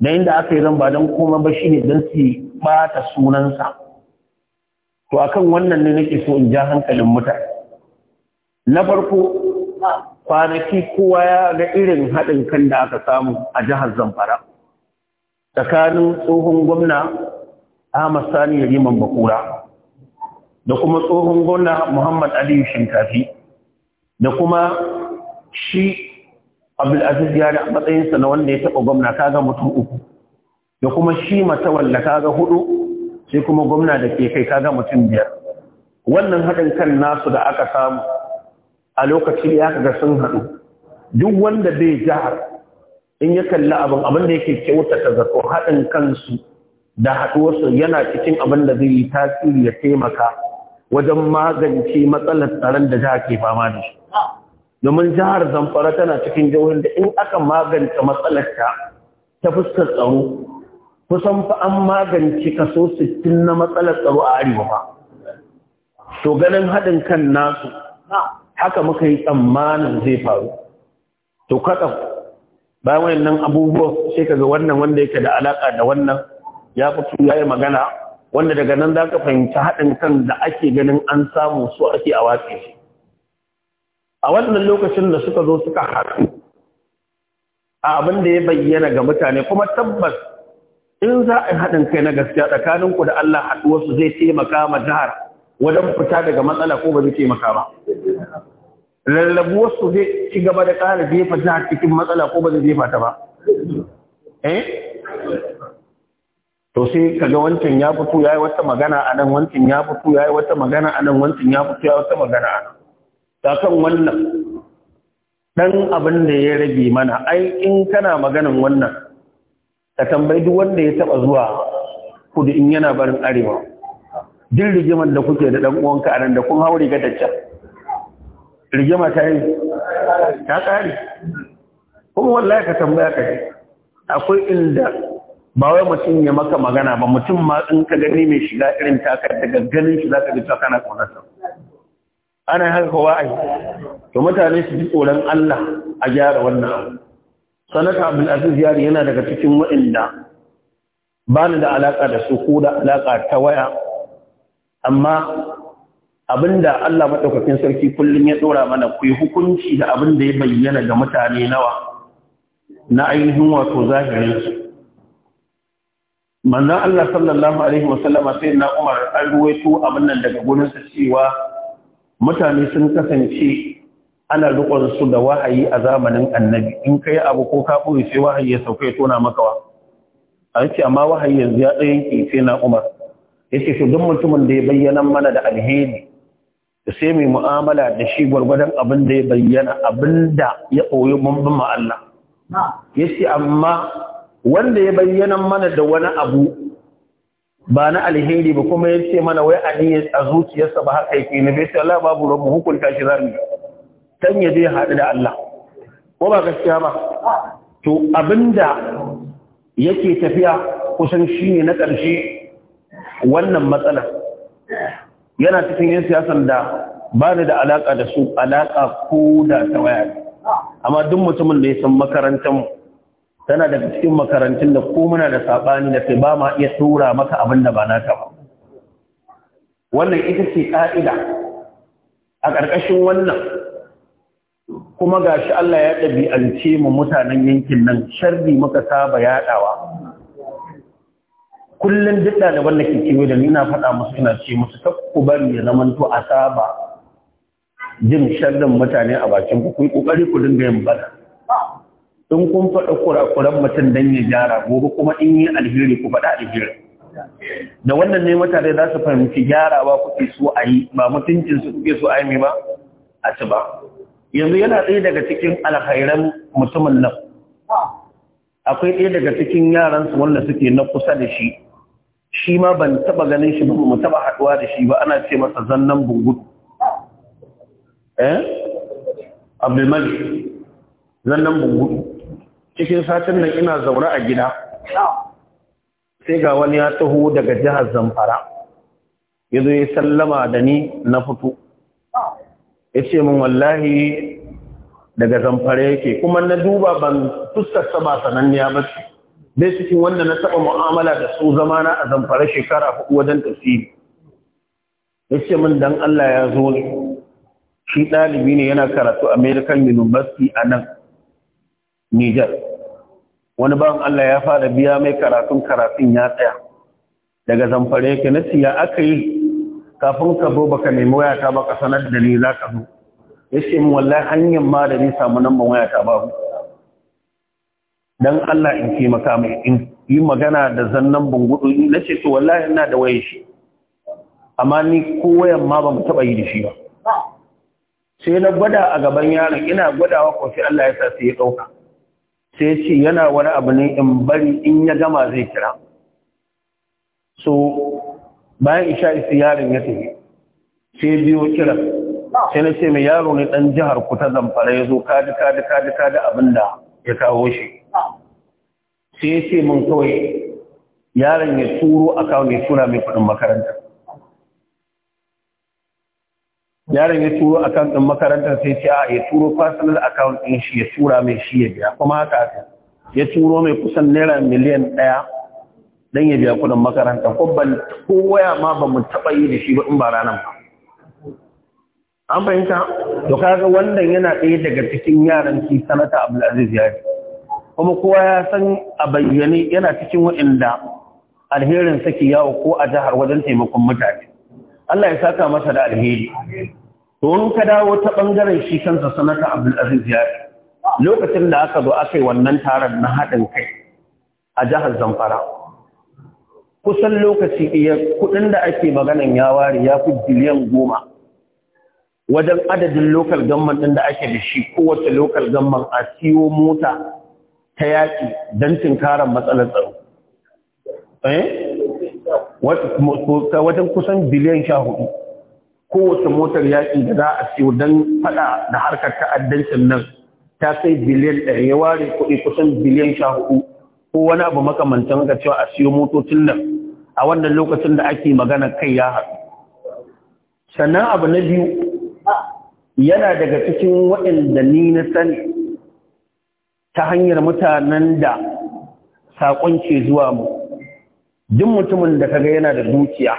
da inda aka yi ramba don koma ba shi ne don su ɓata sunansa to akan wannan ne nake so in ja hankalin mutane na farko kwanaki kowa ya ga irin haɗin kan da aka samu a jihar zamfara tsakanin tsohon gwamna Ahmad Sani Yariman Bakura da kuma tsohon gwamna Muhammad Aliyu Shinkafi da kuma shi Abdulaziz Yari a matsayinsa na wanda ya taɓa gwamna kaga mutum uku da kuma shi matawalla kaga hudu sai kuma gwamna da ke kai kaga mutum biyar wannan haɗin kan nasu da aka samu a lokacin ya kaga sun haɗu duk wanda bai jihar in ya kalli abin abin da yake kyautata zato haɗin kansu da haɗuwarsu yana cikin abin da zai yi tasiri ya taimaka wajen magance matsalar tsaron da jiha ke fama da shi. Domin jihar Zamfara tana cikin jihohin da in aka magance matsalar ta ta fuskar tsaro, kusan fa an magance kaso 60 na matsalar tsaro a arewa ba. To ganin haɗin kan nasu, haka muka yi tsammanin zai faru. To kaɗa bayan nan abubuwan sai kaga wannan wanda yake da alaka da wannan ya fito yayi magana wanda daga nan zaka fahimci haɗin kan da ake ganin an samu su ake a watsi a wannan lokacin da suka zo suka haɗu a abin da ya bayyana ga mutane kuma tabbas in za a haɗin kai na gaskiya tsakanin ku da Allah haɗuwarsu zai taimaka ma jihar wajen fita daga matsala ko ba zai taimaka ba lallabuwar su zai ci gaba da ƙara jefa jihar cikin matsala ko ba zai jefa ta ba eh to sai kaga wancan ya fito ya yi wata magana a nan wancan ya fito ya yi wata magana a nan wancan ya fito ya yi wata magana a nan ta kan wannan dan abin da ya rage mana ai in kana maganan wannan ka tambayi duk wanda ya taɓa zuwa kudu in yana barin arewa jin rigimar da kuke da dan uwanka a nan da kun haure ga daccan rigima ta yi ta ƙare kuma wallahi ka tambaya ka akwai inda ba wai mutum ya maka magana ba mutum ma in ka gani mai shiga irin taka daga ganin shi za ka ji kana ƙaunarsa ana haka kowa ai to mutane su ji tsoron Allah a gyara wannan abu sanata abdulaziz yari yana daga cikin waɗanda ba ni da alaƙa da su ko da alaƙa ta waya amma Abin abinda Allah madaukakin sarki kullum ya dora mana ku yi hukunci da abinda ya bayyana ga mutane nawa na ainihin wato zahirin su manzon Allah sallallahu alaihi wasallama sai na Umar an abin nan daga gurin sa cewa mutane sun kasance ana rikon su da wahayi a zamanin annabi in kai abu ko ka ɓoye sai wahayi ya sauka ya tona maka wa an ce amma wahayi yanzu ya ɗayan ke sai na Umar ce to duk mutumin da ya bayyana mana da alheri sai mai mu'amala da shi gwargwadon abin da ya bayyana abin da ya koyi mambin ma'alla ya ce amma wanda ya bayyana mana da wani abu ba na alheri ba kuma ya ce mana wai aniyar a zuciyarsa ba haka yake na bai Allah babu ruwan mu hukunta shi zami dan ya je haɗu da Allah ko ba gaskiya ba to abinda yake tafiya kusan shi ne na ƙarshe wannan matsalar yana cikin yan siyasan da ba ni da alaƙa da su alaƙa ko da ta waya amma duk mutumin da ya san makarantar tana daga cikin makarantun da ko muna da saɓani da kai ba ma iya tura maka abin da ba na ta ba wannan ita ce ƙa'ida a ƙarƙashin wannan kuma gashi Allah ya ɗabi'ance mu mutanen yankin nan sharri muka saba yaɗawa kullum duk ɗaliban da ke kewaye da ni na faɗa musu ina ce musu takku bari ya to a saba jin sharrin mutane a bakin ku Kuyi ƙoƙari ku dinga yin bada in kun faɗa kurakuran mutum don ya gyara gobe kuma in yi alheri ku faɗa alheri da wannan ne mutane za su fahimci gyarawa kuke so a yi ba mutuncinsu kuke so a yi mai ba a ci ba yanzu yana ɗaya daga cikin alhairan mutumin nan akwai ɗaya daga cikin yaransu wanda suke na kusa da shi shi ma ban taba ganin shi ba mu taba haɗuwa da shi ba ana ce masa zannan bungudu eh abdulmalik zannan bungudu cikin satin nan ina zaune a gida sai ga wani ya taho daga jihar zamfara ya zo ya sallama da ni na fito ya ce min wallahi daga zamfara yake kuma na duba ban fuskar ba sananniya ba dai cikin wanda na taɓa mu'amala da su zamana a zamfara shekara hudu wajen tafsiri ya ce min dan Allah ya zo ne shi ɗalibi ne yana karatu a American University a nan Niger wani ban Allah ya fara biya mai karatun karatun ya tsaya daga zamfara yake na siya aka yi kafin ka zo baka nemi wayata ba ka sanar da ni za ka zo ya ce min wallahi hanyar ma da ni samu nan ban wayata babu dan Allah in taimaka mai in yi magana da zannan bungudu na ce to wallahi ina da waye shi amma ni ko wayan ma ba mu taba yi da shi ba sai na gwada a gaban yaron ina gwadawa ko sai Allah ya sa sai ya dauka sai ce yana wani abu ne in bari in ya gama zai kira so bayan isha isi yaron ya tafi sai biyo kira sai na ce mai yaro ne dan jihar ku ta zamfara ya zo kadi kadi kadi kadi abinda ya kawo shi sai ya ce mun kawai yaron ya turo a kawo ya tura mai kudin makaranta yaron ya turo a kan makarantar sai ce a ya turo personal account ɗin shi ya tura mai shi ya biya kuma haka aka ya turo mai kusan naira miliyan ɗaya don ya biya kudin makaranta ko ban waya ma ba mu taɓa yi da shi ba in ba ranar ba an fahimta to kaga wannan yana ɗaya daga cikin yaran shi sanata abdulaziz ya ce kuma kowa ya san a bayyane yana cikin waɗanda alherin saki yawo ko a jihar wajen taimakon mutane Allah ya saka masa da alheri to ka dawo ta bangaren shi kansa sanata Abdulaziz Yari lokacin da aka zo aka yi wannan taron na haɗin kai a jihar Zamfara kusan lokaci iya kuɗin da ake maganan ya ware ya fi biliyan goma wajen adadin lokal gamman ɗin da ake da shi kowace lokal gamman a siyo mota ta yaƙi don tinkarar matsalar tsaro eh? wajen kusan biliyan sha hudu kowace motar yaƙi da za a siyo don faɗa da harkar ta'addancin nan ta sai biliyan ɗaya ya ware kuɗi kusan biliyan sha hudu ko wani abu makamantan ga cewa a siyo motocin nan a wannan lokacin da ake magana kai ya haɗu sannan abu na biyu yana daga cikin waɗanda ni na sani ta hanyar mutanen da saƙon ke zuwa mu duk mutumin da kaga yana da dukiya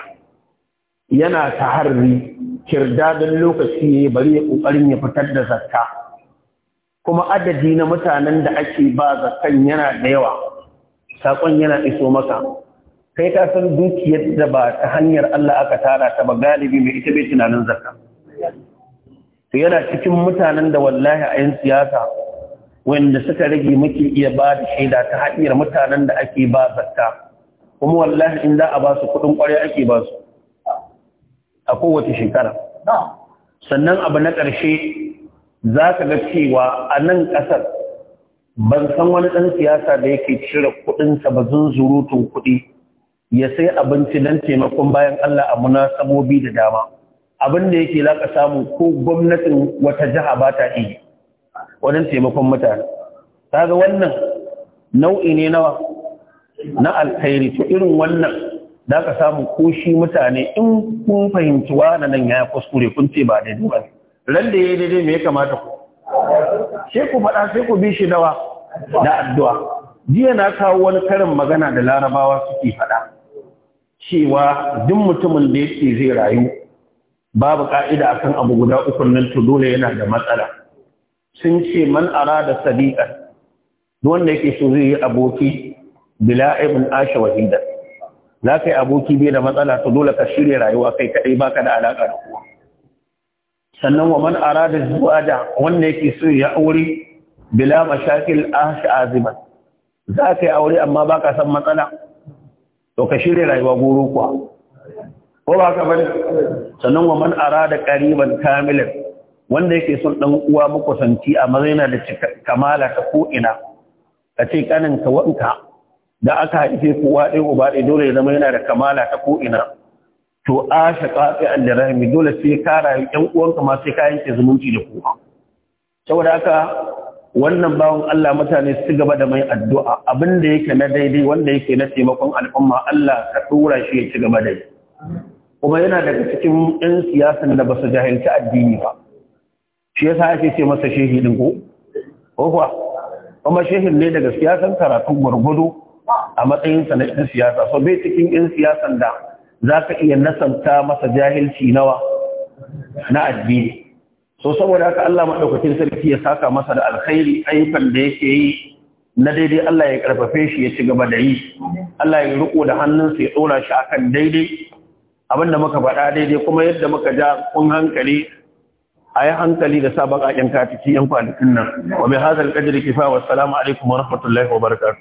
yana ta taharri kirdadin lokaci bari ya ƙoƙarin ya fitar da zakka kuma adadi na mutanen da ake ba zakkan yana da yawa saƙon yana iso maka kai ka san dukiyar da ba ta hanyar Allah aka tara ta ba galibi mai ita bai tunanin zakka to yana cikin mutanen da wallahi a yin siyasa wanda suka rage muke iya ba da shaida ta haɗiyar mutanen da ake ba zakka kuma wallahi in za a ba su kuɗin ƙwarya ake ba su a kowace shekara sannan abu na ƙarshe za ka ga cewa a nan ƙasar ban san wani ɗan siyasa da yake cire kuɗinsa ba zunzurutun kuɗi ya sai abinci don taimakon bayan Allah a munasabobi da dama abin da yake laka samu ko gwamnatin wata jiha ba ta iya wajen taimakon mutane ga wannan nau'i ne nawa na alkhairi to irin wannan da ka samu koshi mutane in kun fahimci wani nan ya kuskure kun ce ba daidai ba ran da ya daidai me ya kamata ku sai ku faɗa sai ku bi shi dawa da addu'a jiya na kawo wani karin magana da larabawa suke faɗa cewa duk mutumin da yake zai rayu babu ka'ida akan abu guda uku nan to dole yana da matsala sun ce man ara arada sadiqan wanda yake so zai yi aboki bila ibn asha wahida za ka yi aboki bai da matsala to dole ka shirya rayuwa kai kadai baka da alaka da kowa sannan wa man arada da wanda yake so ya aure bila mashakil asha aziman za ka yi aure amma baka san matsala to ka shirya rayuwa goro kuwa ko ba ka bane sannan wa man ara da qariban kamilan wanda yake son dan uwa makwasanci a mazaina da kamala ta ko'ina, a ce kanin ka wanka da aka haife kowa ɗaya uba ɗaya dole ya zama yana da kamala ta ko'ina, to a shaƙa fi an rahimi dole sai ka rayu ƴan uwanka ma sai ka yanke zumunci da kowa saboda haka wannan bawan Allah mutane su gaba da mai addu'a abin da yake na daidai wanda yake na taimakon al'umma Allah ka tura shi ya ci gaba da kuma yana daga cikin 'yan siyasan da ba su jahilci addini ba shi yasa ake ce masa shehi din ko kuwa kuma shehin ne daga siyasan karatu gurgudu a matsayin sa na ɗan siyasa so bai cikin ɗan siyasan da zaka iya nasanta masa jahilci nawa na addini so saboda haka Allah madaukakin sarki ya saka masa da alkhairi ayyukan da yake yi na daidai Allah ya karfafe shi ya ci gaba da yi Allah ya riko da hannunsa ya ɗora shi akan daidai abinda muka faɗa daidai kuma yadda muka ja kun hankali a hankali da sabon baƙaƙen katiki yan kwanakin nan wa mai hazar ƙadir kifa wa salamu alaikum wa rahmatullahi wa barakatu